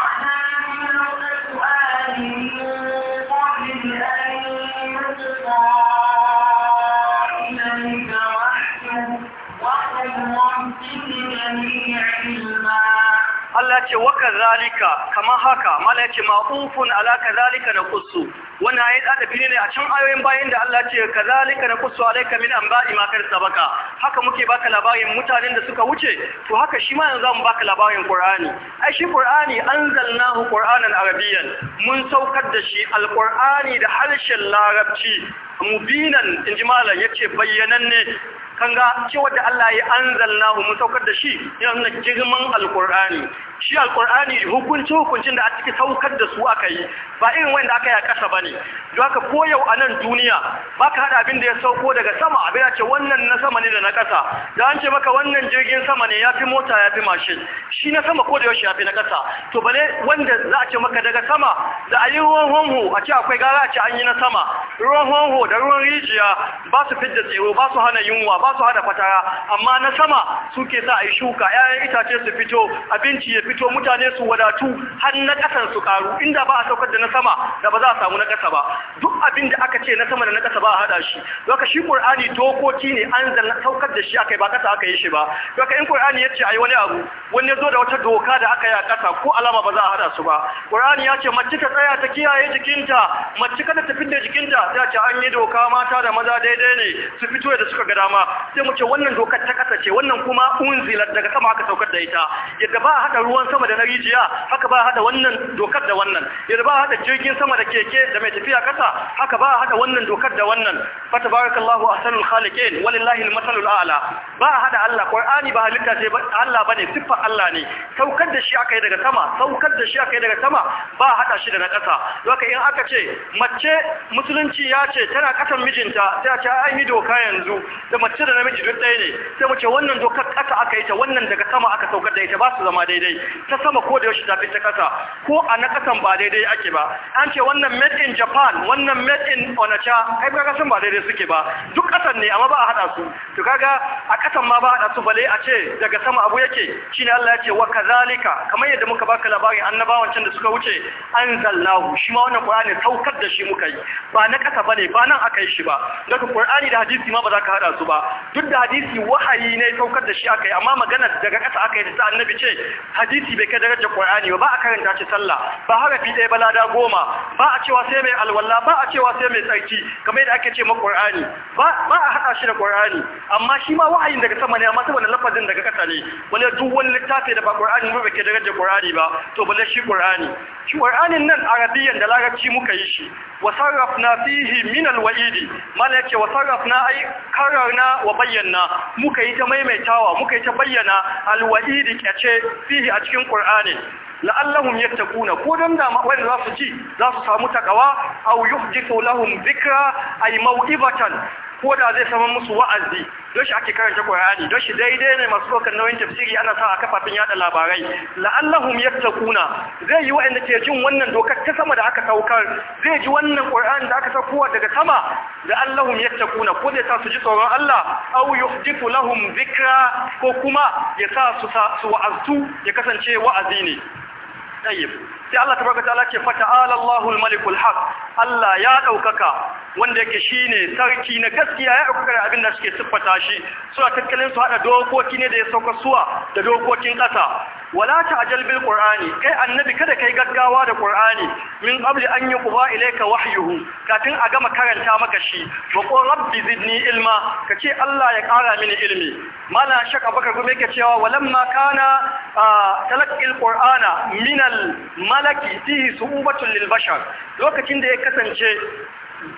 Allah ce wa kazalika kamar haka mala yace ma'ufun ala kazalika na qussu wannan ayi da bini ne a can ayoyin bayan da Allah ce kazalika na qussu alayka min anba'i ma kar sabaka haka muke baka labarin mutanen da suka wuce to haka shi ma yanzu mu baka labarin Qur'ani ai shi Qur'ani anzalnahu Qur'anan arabiyyan mun saukar da shi alqur'ani da harshen larabci mubinan inji malam yace bayyananne kan ga cewa da Allah ya anzalnahu mu saukar da shi yana nuna girman alkur'ani shi alkur'ani hukunci hukuncin da a cikin saukar da su aka yi ba irin wanda aka yi a ƙasa ba ne. haka ko yau a nan duniya baka hada abin da ya sauko daga sama abin da ce wannan na sama ne da na ƙasa da an ce maka wannan jirgin sama ne ya fi mota ya fi mashin shi na sama ko da yaushe fi na ƙasa to bane wanda za a ce maka daga sama da a yi ruwan honho a ce akwai gara a ce an yi na sama ruwan honho da ruwan rijiya ba su fidda tsero ba su hana yunwa ba ba su hada fatara amma na sama suke sa a yi shuka 'ya'yan itace su fito abinci ya fito mutane su wadatu har na ƙasar su karu inda ba a saukar da na sama da ba za a samu na ƙasa ba duk abin da aka ce na sama da na ƙasa ba a hada shi doka shi Qur'ani dokoki ne an saukar da shi akai ba ƙasa aka yi shi ba doka in Qur'ani ya ce yi wani abu wani ya zo da wata doka da aka yi a ƙasa ko alama ba za a hada su ba Qur'ani ya ce mace ta tsaya ta kiyaye jikinta mace kada ta fidda jikinta ta ce an yi doka mata da maza daidai ne su fito da suka ga dama sai mu ce wannan dokar ta kasa ce wannan kuma unzila daga sama aka saukar da ita yadda ba hada ruwan sama da na rijiya haka ba hada wannan dokar da wannan yadda ba hada jirgin sama da keke da mai tafiya kasa haka ba hada wannan dokar da wannan fa tabarakallahu ahsanul khaliqin walillahi almasalul a'la ba hada Allah qur'ani ba halitta ce Allah bane siffar Allah ne saukar da shi aka yi daga sama saukar da shi aka yi daga sama ba hada shi da na kasa doka in aka ce mace musulunci ya ce tana kasan mijinta sai a ce ai mi doka yanzu da mace da namiji duk ɗaya ne sai mu ce wannan dokar ƙasa aka yi ta wannan daga sama aka saukar da ita ba su zama daidai ta sama ko da yaushe tafi ta ƙasa ko a na ƙasan ba daidai ake ba an ce wannan made in Japan wannan made in Onacha ai ka ƙasan ba daidai suke ba duk ƙasan ne amma ba a haɗa su to kaga a ƙasan ma ba a haɗa su bale a ce daga sama abu yake shine Allah ya ce wa kazalika kamar yadda muka baka labarin annabawan can da suka wuce anzalnahu shi ma wannan Qur'ani saukar da shi muka yi ba na ƙasa bane ba nan aka yi shi ba daga Qur'ani da hadisi ma ba za ka haɗa su ba duk da hadisi wahayi ne saukar da shi aka yi amma magana daga ƙasa aka yi da sa annabi ce hadisi bai kai darajar qur'ani ba ba a karanta shi sallah ba harafi ɗaya balada goma ba a cewa sai mai alwala ba a cewa sai mai tsarki kamar yadda ake ce ma qur'ani ba a haɗa shi da qur'ani amma shi ma wahayin daga sama ne amma saboda lafazin daga ƙasa ne wani duk wani littafi da ba qur'ani ba bai kai darajar qur'ani ba to balle shi qur'ani shi qur'anin nan arabiyyan da larabci muka yi shi wasarrafna fihi min alwa'idi mala yake wasarrafna ai kararna wa bayyana muka yi ta maimaitawa muka yi ta bayyana alwa'idi kace fihi a cikin qur'ani la'allahum yattaquna ko dan da wanda za su ci za su samu takawa aw yuhdithu lahum dhikra ay mau'izatan ko da zai samar musu wa'azi don shi ake karanta Qur'ani don shi daidai ne masu ɗaukar nauyin tafsiri ana sa a kafafen yada labarai la'allahum yattaquna zai yi wa'anda ke jin wannan dokar ta sama da aka saukar zai ji wannan Qur'ani da aka saukowa daga sama la'allahum yattaquna ko zai sa su ji tsoron Allah aw yuhdithu lahum dhikra ko kuma ya sa su wa'azu ya kasance wa'azi ne tayyib sai Allah tabaraka ta'ala ce fa ta'ala Allahul malikul haq Allah ya daukaka wanda yake shine sarki na gaskiya ya daukaka abin da suke siffata shi suna tattalin su hada dokoki ne da ya sauka suwa da dokokin kasa wala ta'jal bil qur'ani kai annabi kada kai gaggawa da qur'ani min qabli an yuqba ilayka wahyuhu kafin a gama karanta maka shi wa qul rabbi zidni ilma kace Allah ya kara mini ilmi mala shaka baka gume ka cewa walamma kana talaqil qur'ana min al malaki fihi su'ubatun lil bashar lokacin da ya kasance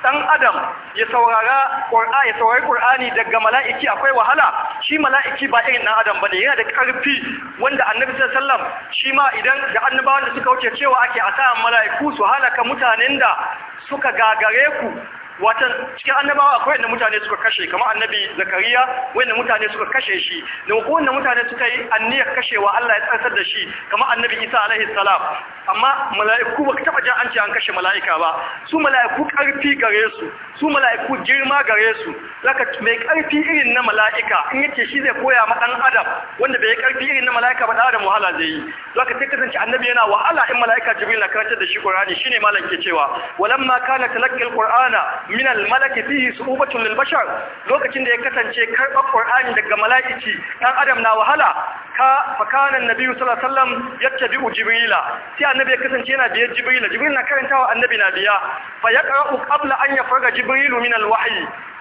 dan adam ya saurara qur'ani ya saurari qur'ani daga mala'iki akwai wahala shi mala'iki ba irin dan adam bane yana da karfi wanda annabi sallallahu alaihi wasallam shi ma idan da annabawan da suka wuce cewa ake asa mala'iku su halaka mutanen da suka gagare ku Wata cikin annabawa akwai wanda mutane suka kashe kamar annabi zakariya wanda mutane suka kashe shi da wanda mutane suka yi anniyar kashewa Allah ya tsantsar da shi kamar annabi Isa alaihi salam amma mala'iku ba taba jin an ce an kashe mala'ika ba su mala'iku karfi gare su su mala'iku girma gare su zaka mai karfi irin na mala'ika in yace shi zai koya ma dan adam wanda bai karfi irin na mala'ika ba da wahala zai yi zaka sai kasance annabi yana wahala in mala'ika jibril na karantar da shi qur'ani shine malam ke cewa walamma kana talaqqal qur'ana min al fihi sububatun lil bashar lokacin da ya kasance karɓar qur'ani daga mala'ici dan adam na wahala ka fakana annabi sallallahu alaihi wasallam yattabi'u jibrila sai annabi ya kasance yana biye jibrila jibril na karantawa annabi na biya fa yaqra'u qabla an yafraga jibrilu min al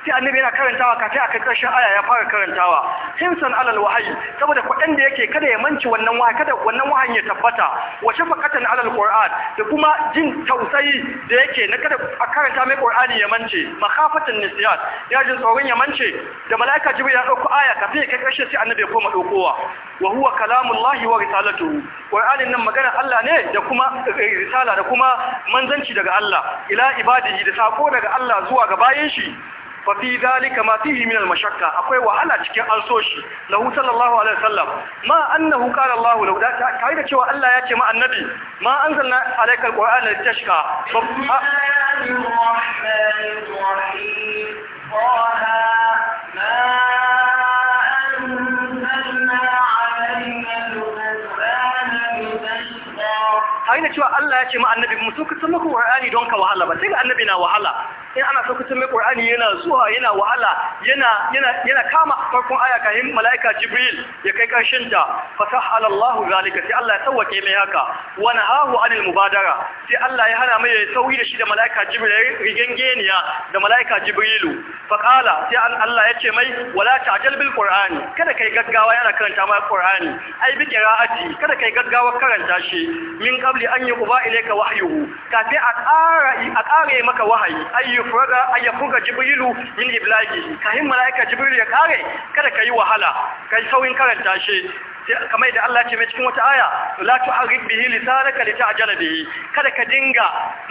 sai annabi yana karantawa kafin a kai ƙarshen aya ya fara karantawa himsan alal wahayi saboda kuɗin da yake kada ya manci wannan wahayi kada wannan wahayi ya tabbata wa shafaqatan alal qur'an da kuma jin tausayi da yake na kada a karanta mai qur'ani ya mance makhafatan nisyan ya jin tsoron ya mance da malaika jibril ya dauko aya kafin ya kai ƙarshe sai annabi ya koma daukowa wa huwa kalamullahi wa risalatuhu qur'anin nan magana Allah ne da kuma eh, risala da kuma manzanci daga Allah ila ibadihi da sako daga Allah zuwa ga bayin shi fa fi dhalika ma fihi min al-mashaqqa akwai wahala cikin an shi lahu sallallahu alaihi wasallam ma annahu qala Allah lahu da kai da cewa Allah ya ce ma annabi ma anzalna alayka al-qur'ana litashqa Aina cewa Allah ya ce ma annabi musu ka san maka Qur'ani don ka wahala ba sai ga annabi na wahala in ana saukacin mai qur'ani yana zuwa yana wahala yana kama farkon aya kayan malaika jibril ya kai karshen ta fasahala Allah zalika sai Allah ya sauke mai haka wa nahahu anil mubadara sai Allah ya hana mai sauri da shi da malaika jibril geniya da malaika jibrilu Faƙala sai Allah ya ce mai wala ta'jal bil qur'ani kada kai gaggawa yana karanta mai qur'ani ai bi qira'ati kada kai gaggawa karanta shi min kabli an yuqba ilaika wahyuhu kafin a ƙara a ƙare maka wahayi ayyu an yafuga jibrilu min iblagi kai malaika jibrilu ya kare kada ka yi wahala kai sauyin karanta shi kamar da Allah ce mai cikin wata aya la tuharrik bihi lisanaka litajala bihi kada ka dinga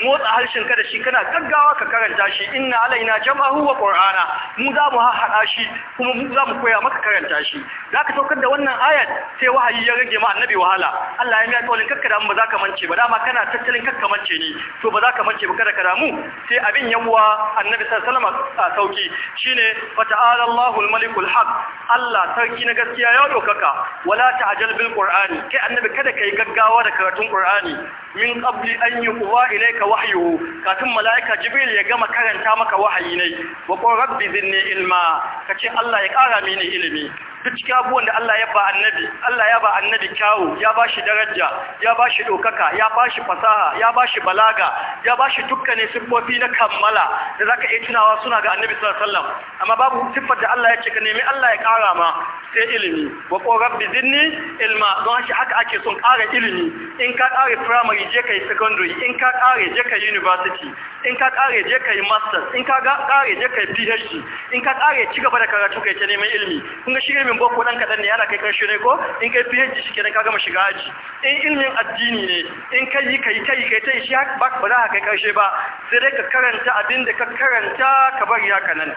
motsa harshen ka da shi kana gaggawa ka karanta shi inna alaina jam'ahu wa qur'ana mu za mu haɗa shi kuma mu za mu koya maka karanta shi zaka saukar da wannan ayat sai wahayi ya rage ma annabi wahala Allah ya miya kaulin kakka da ba za ka mance ba dama kana tattalin kakka mance ne to ba za ka mance ba kada ka damu sai abin yawa annabi sallallahu alaihi wasallam sauki shine fata'ala Allahul malikul haq Allah sarki na gaskiya ya dokaka wala wala ta'jal bil qur'ani kai annabi kada kai gaggawa da karatun qur'ani min qabli an yuqwa ilayka wahyuhu kafin malaika jibril ya gama karanta maka wahayi ne wa qur rabbi zidni ilma kace Allah ya kara mini ilimi duk cikin abubuwan da Allah ya ba annabi Allah ya ba annabi kyawu ya ba shi daraja ya ba shi ɗaukaka ya ba shi fasaha ya ba shi balaga ya ba shi dukkanin siffofi na kammala da zaka iya tunawa suna ga annabi sallallahu alaihi wasallam amma babu siffar da Allah ya ce ka nemi Allah ya ƙara ma sai ilimi wa qur rabbi zinni ilma don shi haka ake son ƙara ilimi in ka ƙare primary je kai secondary in ka ƙare je kai university in ka ƙare je kai masters in ka ƙare je kai PhD in ka ƙare ci gaba da karatu kai ta neman ilimi kun ga shi ilimin boko dan kadan ne yana kai karshe ne ko in kai PhD shike ka gama shiga aji in ilimin addini ne in kai yi kai kai kai tai shi ba ba za ka kai karshe ba sai dai ka karanta abin da ka karanta ka bari haka nan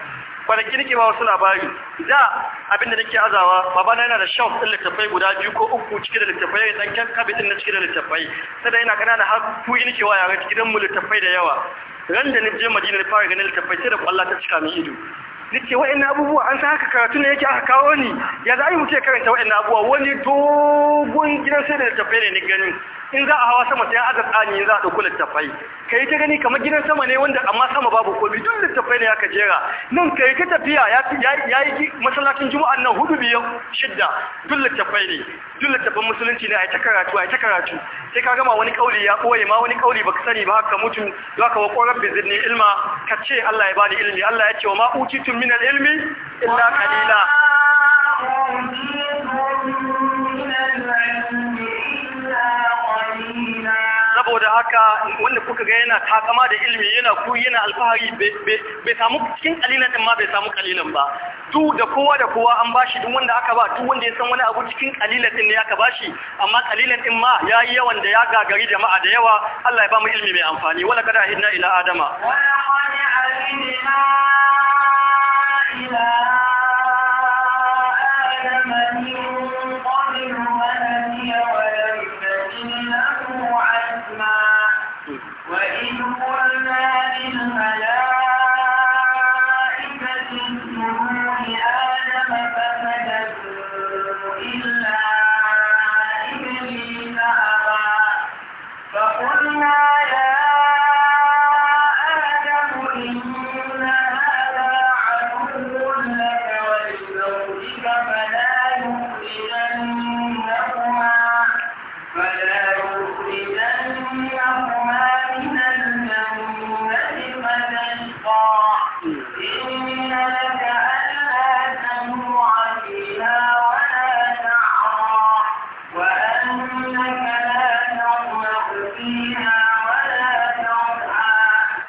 kwanaki nake ba wasu labari da abin da nake azawa Baba na yana da shelf din littattafai guda biyu ko uku cike da littattafai dan kan din na cike da littattafai sai yana kanana har yi nake wa yara gidan mu littattafai da yawa ran da ni je Madina na fara ganin littattafai sai da Allah ta cika min ido nake wa'annan abubuwa an san haka karatu ne yake aka kawo ni ya za a yi mutu ya karanta wa'in abubuwa wani dogon gidan sai da littafai ne ni gani in za a hawa sama sai aka tsani in za a dauki littafai kai ta gani kamar gidan sama ne wanda amma sama babu komai duk littafai ne aka jera nan kai ta tafiya ya yi masallacin juma'a nan hudu biyu shidda duk littafai ne duk littafin musulunci ne a ta karatu a ta karatu sai ka gama wani kauli ya koye ma wani kauli baka sani ba haka mutu za ka wako rabbi zidni ilma ka ce Allah ya bani ilmi Allah ya ce wa ma utitu min al ilmi illa qalila wanda kuka ga yana takama da ilimi yana ku yana alfahari bai samu cikin kalilan din ma bai samu kalilan ba duk da kowa da kowa an bashi duk wanda aka ba duk wanda ya san wani abu cikin kalilan din ne aka bashi amma kalilan din ma yayi yawan da ya gagari jama'a da yawa Allah ya ba mu ilimi mai amfani wala kada hinna ila adama wala qad ma ila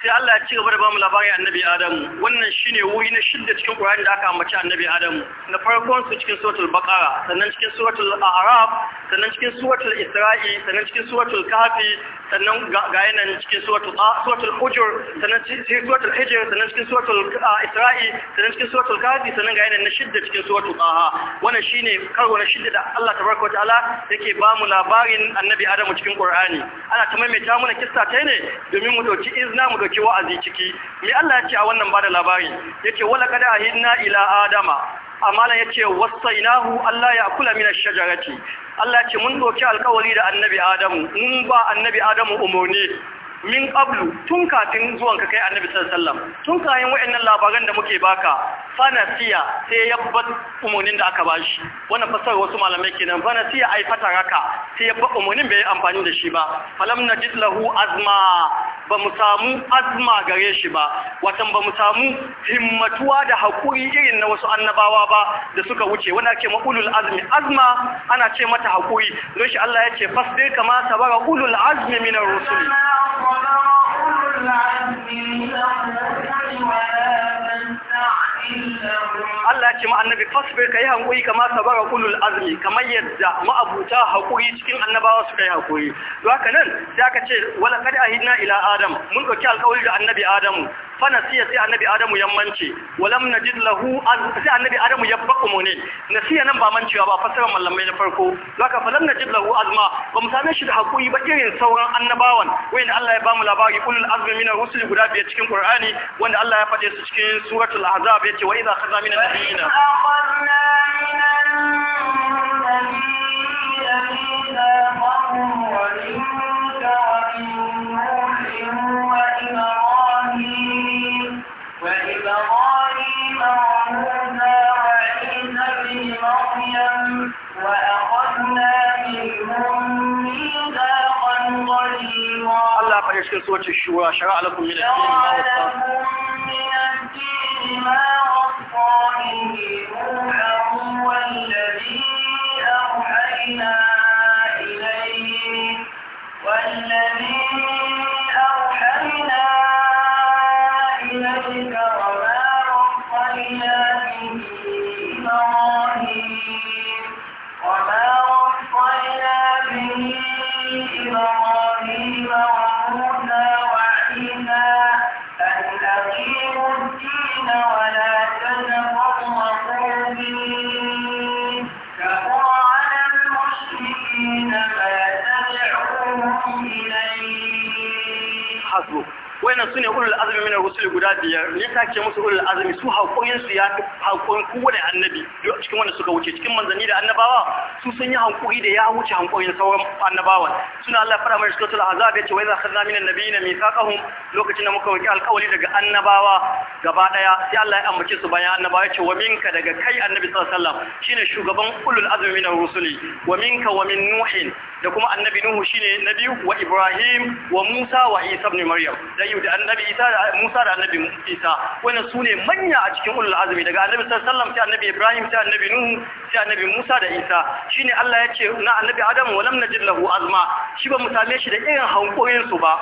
sai Allah ya ci gaba da bamu labarin annabi Adamu wannan shine wuri na shidda cikin Qur'ani da aka ambaci annabi Adamu na farkon su cikin suratul Baqara sannan cikin suratul A'raf sannan cikin suratul Isra'i sannan cikin suratul Kahfi sannan ga yanan cikin suratul suratul Hujur sannan cikin suratul Hijr sannan cikin suratul Isra'i sannan cikin suratul Kahfi sannan ga yanan na shidda cikin suratul Taha wannan shine karo na shidda da Allah tabaraka wa ta'ala yake bamu labarin annabi Adamu cikin Qur'ani ana ta maimaita mana kissa ta ne domin mu dauki izna mu dauki ɗauki wa'azi ciki me Allah ya ce a wannan bada labari ce, wala kada hinna ila adama amma ya ce wasainahu Allah ya kula mina shajarati Allah ce mun ɗauki alkawari da annabi Adamu mun ba annabi Adamu umarni min qablu tun kafin zuwan ka kai annabi sallallahu alaihi tun kayan wayannan labaran da muke baka fanasiya sai ya umunin da aka bashi wannan fasar wasu malamai kenan fanasiya ai fataraka sai ya bar umunin bai amfani da shi ba falam najid lahu azma ba mu samu azma gare shi ba watan ba mu samu himmatuwa da hakuri irin na wasu annabawa ba da suka wuce wanda ake ma ulul azmi azma ana ce mata hakuri don shi Allah ya ce fasdir kama sabara ulul azmi minar rusuli Allah ce ma annabi yi hakuri hankuri kama sabara kulul azumi, kamar yadda ma'abuta hakuri cikin annabawa su kai hakuri to haka nan sai aka ce wala a hidna ila adam mun ɗauki alƙawari da annabi adamu Fana siya sai annabi adamu ya mance walam najid lahu sai annabi adamu ya baku ne nasiya nan ba mancewa ba fassara mallamai na farko zaka falam najid lahu azma ba mu same shi da hakuri ba irin sauran annabawan wanda Allah ya bamu labari ulul azmi min rusul guda biyar cikin Qur'ani wanda Allah ya fade su cikin suratul ahzab yace wa idza khazna min nabiyina nabiyina الشورى شرع لكم من الدين ما الدين وصى والذي أوحينا إليه والذي su ne ulul azumi min rusul guda biyar ne ta ce musu ulul azumi su hankulin su ya fi kowa kowane annabi duk cikin wanda suka wuce cikin manzanni da annabawa su sun yi hankuli da ya wuce hankulin sauran annabawan suna Allah fara mai suratul azab wai za ka khadna min annabiyina mithaqahum lokacin da muka wuce alƙawari daga annabawa gaba daya sai Allah ya ambace su bayan annabawa ya ce wa minka daga kai annabi sallallahu alaihi wasallam shine shugaban ulul azumi min rusuli wa minka wa min nuhin da kuma annabi nuhu shine na wa ibrahim wa musa wa isa ibn maryam dan da annabi isa da musa da annabi isa wannan sune manya a cikin ulul azmi daga annabi sallallahu alaihi wasallam sai annabi ibrahim sai annabi nuhu sai annabi musa da isa shine Allah ya ce na annabi adam wa lam najid lahu azma shi ba mutane shi da irin hankoyin su ba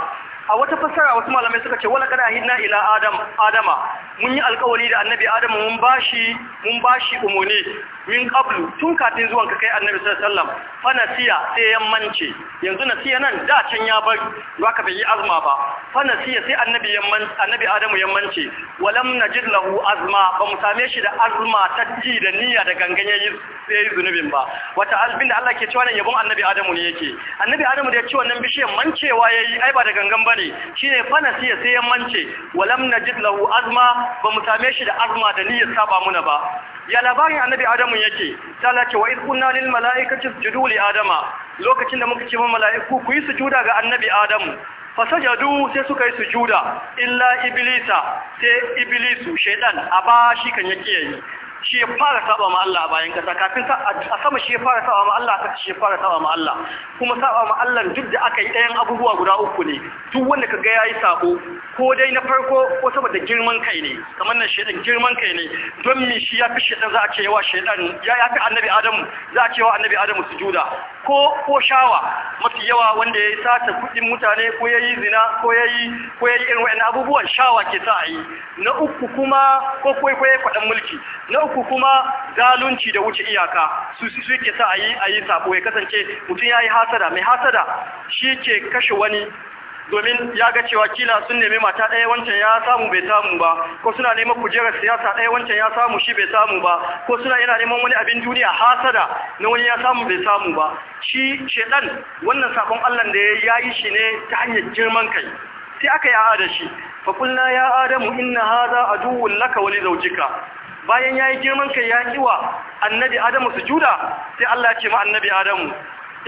a wata fassara wasu malamai suka ce wala kada hinna ila adam adama mun yi alkawari da annabi adam mun bashi mun bashi umuni min qablu tun kafin zuwan ka kai annabi sallallahu alaihi wasallam fa nasiya sai ya mance yanzu nasiya nan da can ya bari ka bai yi azma ba fa nasiya sai annabi ya mance annabi adamu ya mance walam najid lahu azma ba mu same shi da azma ta ji da niyya da gangan yayi sai zunubin ba wata albin da Allah ke cewa nan yabon annabi adamu ne yake annabi adamu da ya ci wannan bishiyar mancewa yayi ai ba da gangan bane shine fa nasiya sai ya mance walam najid lahu azma ba mu same shi da azma da niyyar saba muna ba ya labarin annabi adamu kamun yake ta ce wa idhunna lil mala'ikati sujudu li adama lokacin da muka ce ma mala'iku ku yi sujuda ga annabi adamu fasajadu sai suka yi sujuda illa iblisa sai iblisu shaidan aba shi kan yake yi shi ya fara saba ma Allah bayan kafin a sama shi ya fara saba ma Allah kasa shi ya fara saba ma Allah kuma saba ma Allah duk da aka yi ɗayan abubuwa guda uku ne duk wanda ka ga yayi sabo ko dai na farko ko saboda girman kai ne kamar nan shedan girman kai ne don mi shi ya fi shedan za a ce yawa shedan ya ya fi annabi Adamu za a ce yawa annabi Adamu juda ko ko shawa mafi yawa wanda ya yi sata kuɗin mutane ko ya yi zina ko ya yi ko ya irin wa'annan abubuwan shawa ke sa a yi na uku kuma ko kwaikwaye kwaɗan mulki na uku uku kuma zalunci da wuce iyaka su suke sa a yi a yi sabo ya kasance mutum ya yi hasada mai hasada shi ke kashe wani domin ya ga cewa kila sun nemi mata ɗaya wancan ya samu bai samu ba ko suna neman kujerar siyasa ɗaya wancan ya samu shi bai samu ba ko suna yana neman wani abin duniya hasada na wani ya samu bai samu ba shi shedan wannan sakon Allah da ya yi shi ne ta hanyar girman kai sai aka yi a'a da shi fa ya adamu inna hadha aduwwun laka wa li zawjika bayan ya yi girman kai ya kiwa annabi adamu sujuda sai Allah ya ce ma annabi adamu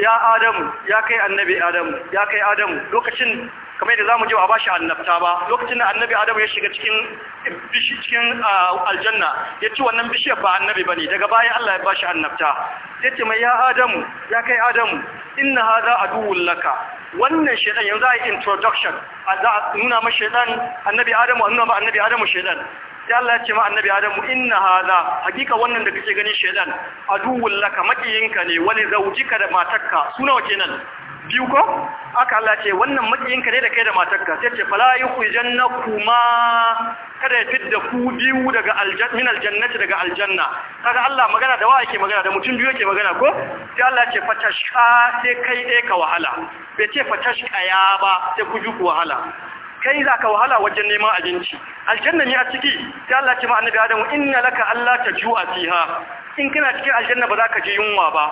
ya adamu ya kai annabi adamu ya kai adamu lokacin kamar yadda zamu je a bashi annabta ba lokacin da annabi adamu ya shiga cikin bishi cikin ah, aljanna ya ci wannan bishiyar ba annabi bane daga baya Allah ya bashi annabta ce mai ya adamu ya kai adamu inna hadha aduwwul laka wannan shedan yanzu a introduction za a nuna ma shedan annabi adamu a nuna ma annabi adamu shedan sai Allah ya ce ma annabi Adamu inna hadha hakika wannan da kake gani shedan aduwwul laka makiyinka ne wani zaujika da matarka su nawa kenan biyu ko aka Allah ce wannan makiyinka ne da kai da matarka sai ce fala yukhrijannakuma kada ya fidda ku biyu daga aljanna min aljannati daga aljanna kaga Allah magana da wa yake magana da mutum biyu yake magana ko sai Allah ce fatashka sai kai dai ka wahala bai ce fatashka ya ba sai ku ji ku wahala kai za ka wahala wajen neman abinci aljanna ne a ciki sai Allah ce ma annabi Adamu inna laka Allah ta ju'a fiha in kana cikin aljanna ba za ka ji yunwa ba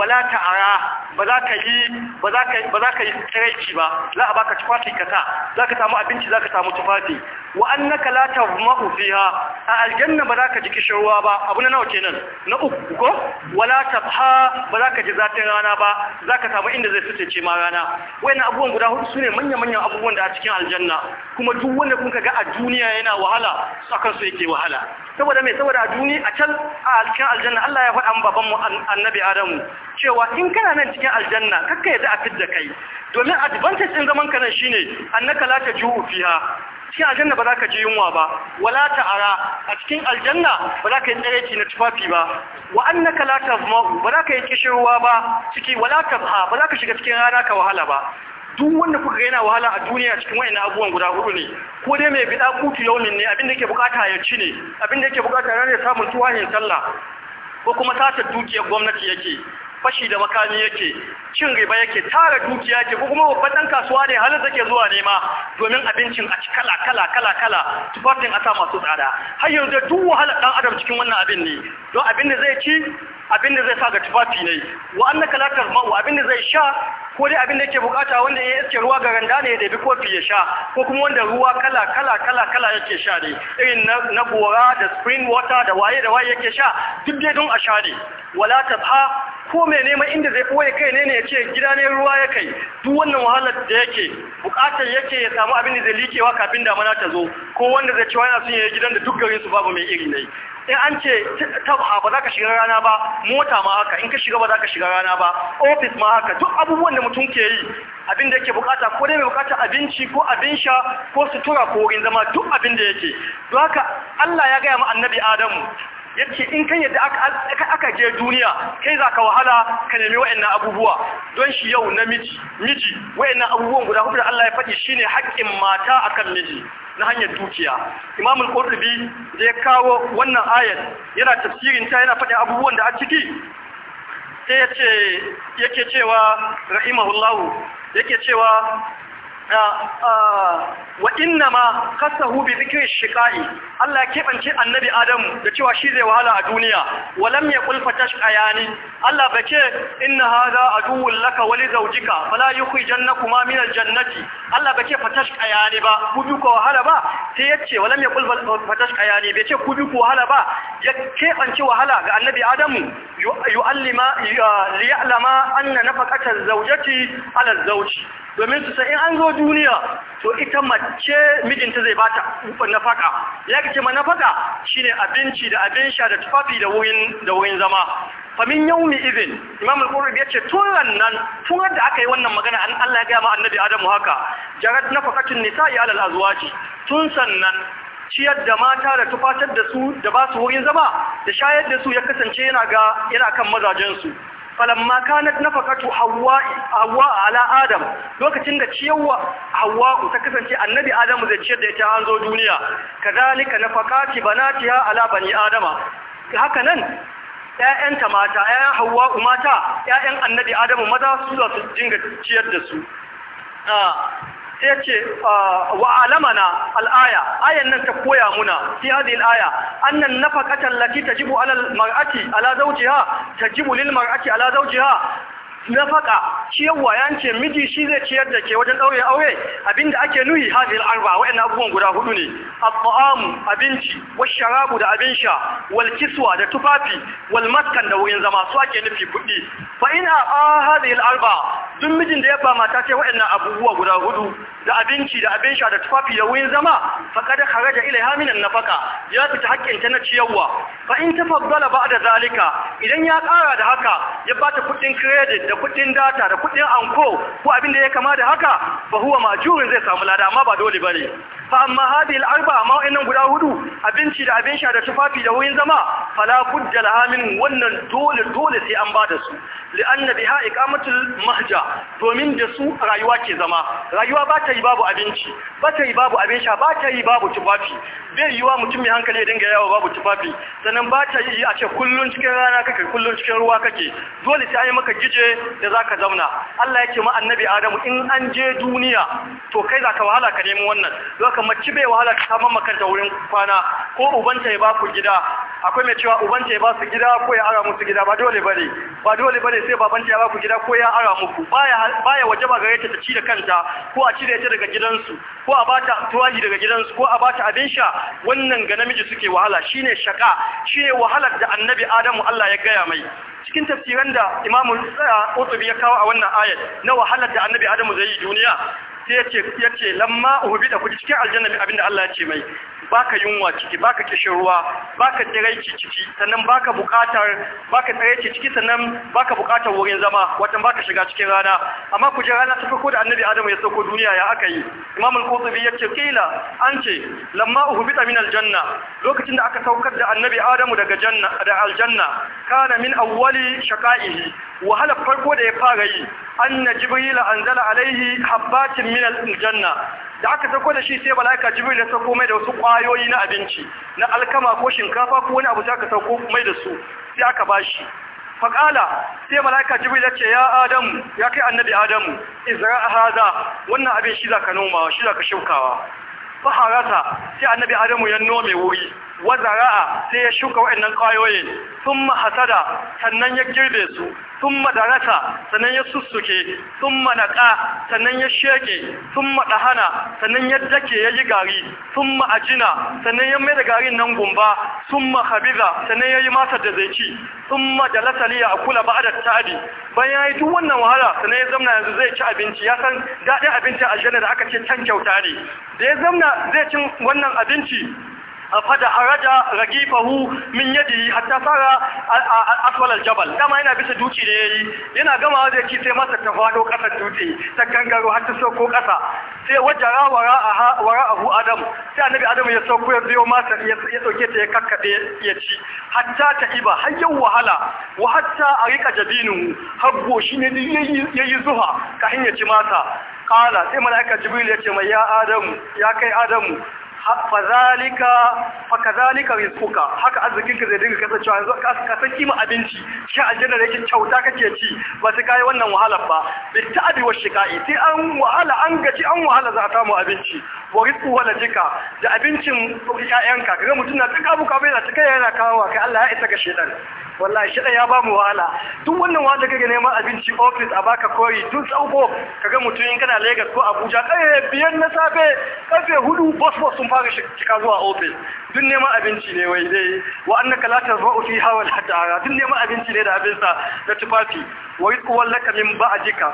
wala ta'ara ba za ka yi ba za ka ba za ka yi tsiraici ba za a baka tufafi kasa. za ka samu abinci za ka samu tufafi wa annaka la tazma'u fiha a aljanna ba za ka ji kishirwa ba abu na nawa kenan na uku ko wala tabha ba za ka ji zafin rana ba za ka samu inda zai ce ma rana wayan abubuwan guda hudu sune manyan manyan abubuwan da a cikin aljanna kuma duk wanda kun ga a duniya yana wahala akan su yake wahala saboda mai saboda a duniya a can a cikin aljanna Allah ya faɗa baban mu annabi Adamu cewa in kana nan cikin aljanna kakka yadda a fidda kai domin advantage din zaman ka nan shine annaka la taju'u fiha cikin aljanna ba za ka ji yunwa ba wala ta'ara a cikin aljanna ba za ka yi tsareci na tufafi ba wa annaka la tazma'u ba za ka yi kishirwa ba ciki wala tabha ba za ka shiga cikin rana ka wahala ba duk wanda kuka yana wahala a duniya cikin wayannan abubuwan guda hudu ne ko dai mai bida kutu yaumin ne abinda yake bukata ya ci ne abinda yake bukata ranar samun tuwahin sallah ko kuma sata dukiyar gwamnati yake fashi da makami yake cin riba yake tara dukiya yake ko kuma babban dan kasuwa ne halin take zuwa nema domin abincin a kala kala kala kala tufafin sa masu tsada har yanzu duk wahalar dan adam cikin wannan abin ne don abin da zai ci abinda zai sa ga tufafi ne wa annaka la abin abinda zai sha ko dai abinda yake bukata wanda ya iske ruwa ga randa ne da bi kofi ya sha ko kuma wanda ruwa kala kala kala kala yake sha ne irin na gora da spring water da waye da waye yake sha duk dai don a sha ne wala tabha ko mai inda zai koya kai ne ne ya ce gida ne ruwa ya kai duk wannan wahalar da yake bukatar yake ya samu abin da zai likewa kafin damana ta zo ko wanda zai ci wani sun yi gidan da duk garin su babu mai iri ne in an ce tabha ba za ka shiga rana ba mota ma haka in ka shiga ba za ka shiga rana ba ofis ma haka duk abubuwan da mutum ke yi abin da yake bukata ko dai mai bukata abinci ko abin sha ko sutura ko wurin zama duk abin da yake don haka Allah ya gaya ma annabi Adamu yake in kan yadda aka je duniya kai za ka wahala ka nemi wayannan abubuwa don shi yau namiji miji wayannan abubuwan guda hudu da Allah ya faɗi ne haƙƙin mata akan miji na hanyar dukiya imam al-qurtubi da ya kawo wannan ayat yana tafsirin ta yana faɗin abubuwan da a ciki sai yace yake cewa rahimahullahu yake cewa wa inna ma kasahu bi zikri shiqai Allah ya kebance annabi Adam da cewa shi zai wahala a duniya walam yaqul fatashqayani Allah bace inna hadha aduwwun laka wa li zawjika fala yukhrijannakuma min aljannati Allah bace fatashqayani ba ku bi ko wahala ba sai yace walam yaqul fatashqayani bace ku bi ko wahala ba ya kebance wahala ga annabi Adam yu'allima liya'lama anna nafaqata zawjati ala zawji domin su sai in an zo duniya to ita mace mijinta zai bata nafaka ya kace ma nafaka shine abinci da abin sha da tufafi da wurin da wurin zama min yawmi idhin imam al-qurbi yace tun nan tun da aka yi wannan magana an Allah ya ga ma annabi adamu haka jarat nafaqatun nisa'i ala al azwaj tun sannan ciyar da mata da tufatar da su da ba su wurin zama da shayar da su ya kasance yana ga yana kan mazajen su falamma kanat nafakatu hawa hawa ala adam lokacin da ciyawa hawa ta kasance annabi adamu zai ciyar da ita an zo duniya kazalika nafakati banatiha ala bani adama haka nan ‘ya'yanta mata, ‘ya'yan Hauwa mata, ‘ya'yan annabi Adamu maza su za su dinga ciyar da su. Ah, sai ce ah, wa alamana al'aya ayan nan ta koya muna fi hadhihi al'aya annan nafaqatan lati tajibu ala mar'ati ala zawjiha tajibu lil mar'ati ala zawjiha nafaka ciyarwa ya ce miji shi zai ciyar da ke wajen ɗaurin aure abinda ake nuhi hadil arba wa'annan abubuwan guda hudu ne at abinci washarabu da abin sha wal kiswa da tufafi wal maskan da wurin zama su ake nufi kuɗi fa in a hadil arba duk mijin da ya ba mata ce waɗannan abubuwa guda hudu da abinci da abin sha da tufafi da wurin zama faqad kharaja ilaiha min nafaka ya fita hakkin ta na ciyarwa fa in tafaddala ba'da zalika idan ya ƙara da haka ya bata kuɗin credit da kuɗin data da kuɗin anko ko abin da ya kama da haka fa huwa majurun zai samu lada amma ba dole bane fa amma hadhihi arba ma wa'annan guda hudu abinci da abin sha da tufafi da wurin zama fala budda laha min wannan dole dole sai an da su li anna biha iqamatul mahja domin da su rayuwa ke zama rayuwa ba ta yi babu abinci ba ta yi babu abin sha ba ta yi babu tufafi bai wa mutum mai hankali ya dinga yawo babu tufafi sannan ba ta yi a ce kullun cikin rana kake kullun cikin ruwa kake dole sai an maka gije da zaka zauna Allah yake ma annabi Adamu in an je duniya to kai zaka wahala ka nemi wannan ka mace bai wahala ka samu makanta wurin kwana ko ubanta ya ba ku gida akwai mai cewa ubanta ya ba su gida ko ya ara musu gida ba dole bane ba dole bane sai babanta ya ba ku gida ko ya ara muku baya waje ba gare ta ta ci da kanta ko a cire ta daga gidansu ko a bata tuwaji daga gidansu ko a bata abin sha wannan ga namiji suke wahala shine shaka shine wahalar da annabi Adamu Allah ya gaya mai cikin tafsiran da Imam uh, Qurtubi ya kawo a wannan ayat na wahalar da annabi Adamu zai yi duniya sai yace yace lamma uhbi da kudi cikin aljanna abinda Allah ya ce mai baka yunwa ciki baka kishin ruwa baka tsiraici ciki sannan baka bukatar baka tsiraici ciki sannan baka bukatar wurin zama watan baka shiga cikin rana amma ku rana ta farko da annabi Adamu ya sauko duniya ya aka yi Imam al ya ce kila an ce lamma uhbita min aljanna lokacin da aka saukar da annabi Adamu daga janna da aljanna kana min awwali shaqaihi wahala farko da ya fara yi anna Jibrila, anzala alaihi habbatin min Janna da aka sako da shi sai malaika jibril ta sako mai da wasu kwayoyi na abinci na alkama ko shinkafa ko wani abu sai aka sako mai da su sai aka bashi faƙala sai mala'ika jibril ya ce ya adamu ya kai annabi adamu izra hada wannan abin shi ka noma shi ka shukawa faharata sai annabi adamu ya nome wuri wazara'a sai ya shuka wa'annan ƙwayoyin sun hasada sannan ya girbe su sun darasa sannan ya sussuke sun naƙa sannan ya sheke sun ɗahana sannan ya dake ya yi gari sun ajina sannan ya mai garin nan gumba sun habiza sannan ya yi masar da zai ci sun da a kula ba'adar ta'adi bayan ya yi duk wannan wahala sannan ya zamna yanzu zai ci abinci ya san daɗin abinci a aljanna da aka ce can kyauta ne da ya zamna zai cin wannan abinci fada haraja ragifahu min yadihi hatta fara aswal aljabal dama yana bisa duki da yayi yana gama zai yake sai masa ta fado kasar dutse ta kangaro har ta sauko kasa sai wajara wara'aha wara'ahu adam sai annabi adam ya sauko ya biyo masa ya sauke ta ya kakkade ya ci hatta ta iba har yau wahala wa hatta a rika jabinu habbo shine yayi zuha ka ya ci masa kala sai mala'ika jibril ya ce mai ya adamu ya kai adamu fa zalika fa kazalika haka haka arzikinka zai dinga kasancewa yanzu ka san kima abinci shi aljanna yake kyauta kake ci ba sai kai wannan wahalar ba bi ta'abi wa shiqa'i sai an wahala an gaci an wahala za a samu abinci wa rizqu wa lajika da abincin ƴaƴanka kaga mutum na ta kabu kabe na ta kai yana kawo kai Allah ya isa ga shedan wallahi shi ya ba mu wahala duk wannan wata kake neman abinci office a baka tun duk sauko ga mutum in kana Lagos ko Abuja kai eh, biyan na safe kafe hudu bus bus sun fara cika zuwa office duk neman abinci ne wai dai wa annaka la tazwa'u fi hawal hatta duk neman abinci ne da abinsa na tufafi wa laka min ba'dika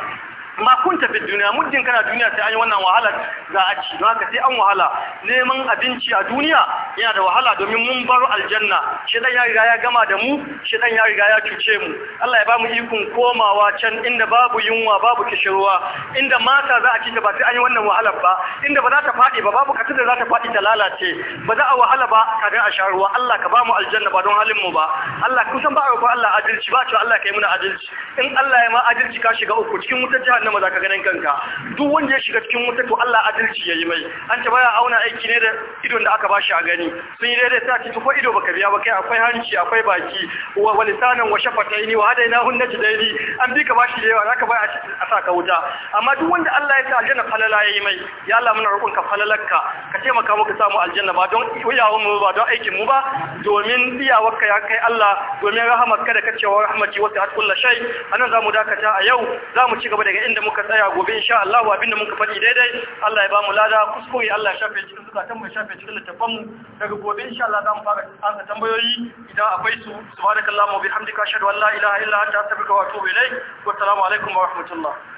ma kun tafi duniya muddin kana duniya sai an yi wannan wahala za a ci don haka sai an wahala neman abinci a duniya yana da wahala domin mun bar aljanna shedan ya riga ya gama da mu shedan ya riga ya cuce mu Allah ya ba mu ikon komawa can inda babu yunwa babu kishirwa inda mata za a ci ba sai an yi wannan wahalar ba inda ba za ta faɗi ba babu katar da za ta faɗi ta lalace ba za a wahala ba kaga a sha Allah ka ba mu aljanna ba don halin mu ba Allah kusan ba a roƙo Allah adalci ba ce Allah ka yi muna adalci in Allah ya ma adalci ka shiga uku cikin wutar jahannama zaka ganin kanka duk wanda ya shiga cikin wuta to Allah adalci yayi mai an ce baya auna aiki ne da idon da aka bashi a gani sun yi daidai sa ko ido baka biya ba kai akwai hanci akwai baki wa walisanan wa shafataini wa hadaina hunna jidaini an bi ka bashi da yawa zaka baya a sa ka wuta amma duk wanda Allah ya sa aljanna falala yayi mai ya Allah muna roƙon ka falalarka ka taimaka mu ka samu aljanna ba don iyawan mu ba don aikin mu ba domin iyawarka ya kai Allah domin rahamarka da kacewa rahmati wata at kullu shay anan zamu dakata a yau zamu ci gaba daga abinda muka tsaya gobe insha Allah wa abinda muka faɗi daidai Allah ya ba mu lada kuskure Allah ya shafe cikin zukatan mu ya shafe cikin littafan mu daga gobe insha Allah za mu fara ka tambayoyi idan akwai su subhanakallahumma wa bihamdika ashhadu an la ilaha illa anta astaghfiruka wa atubu ilaik wa assalamu alaikum wa rahmatullah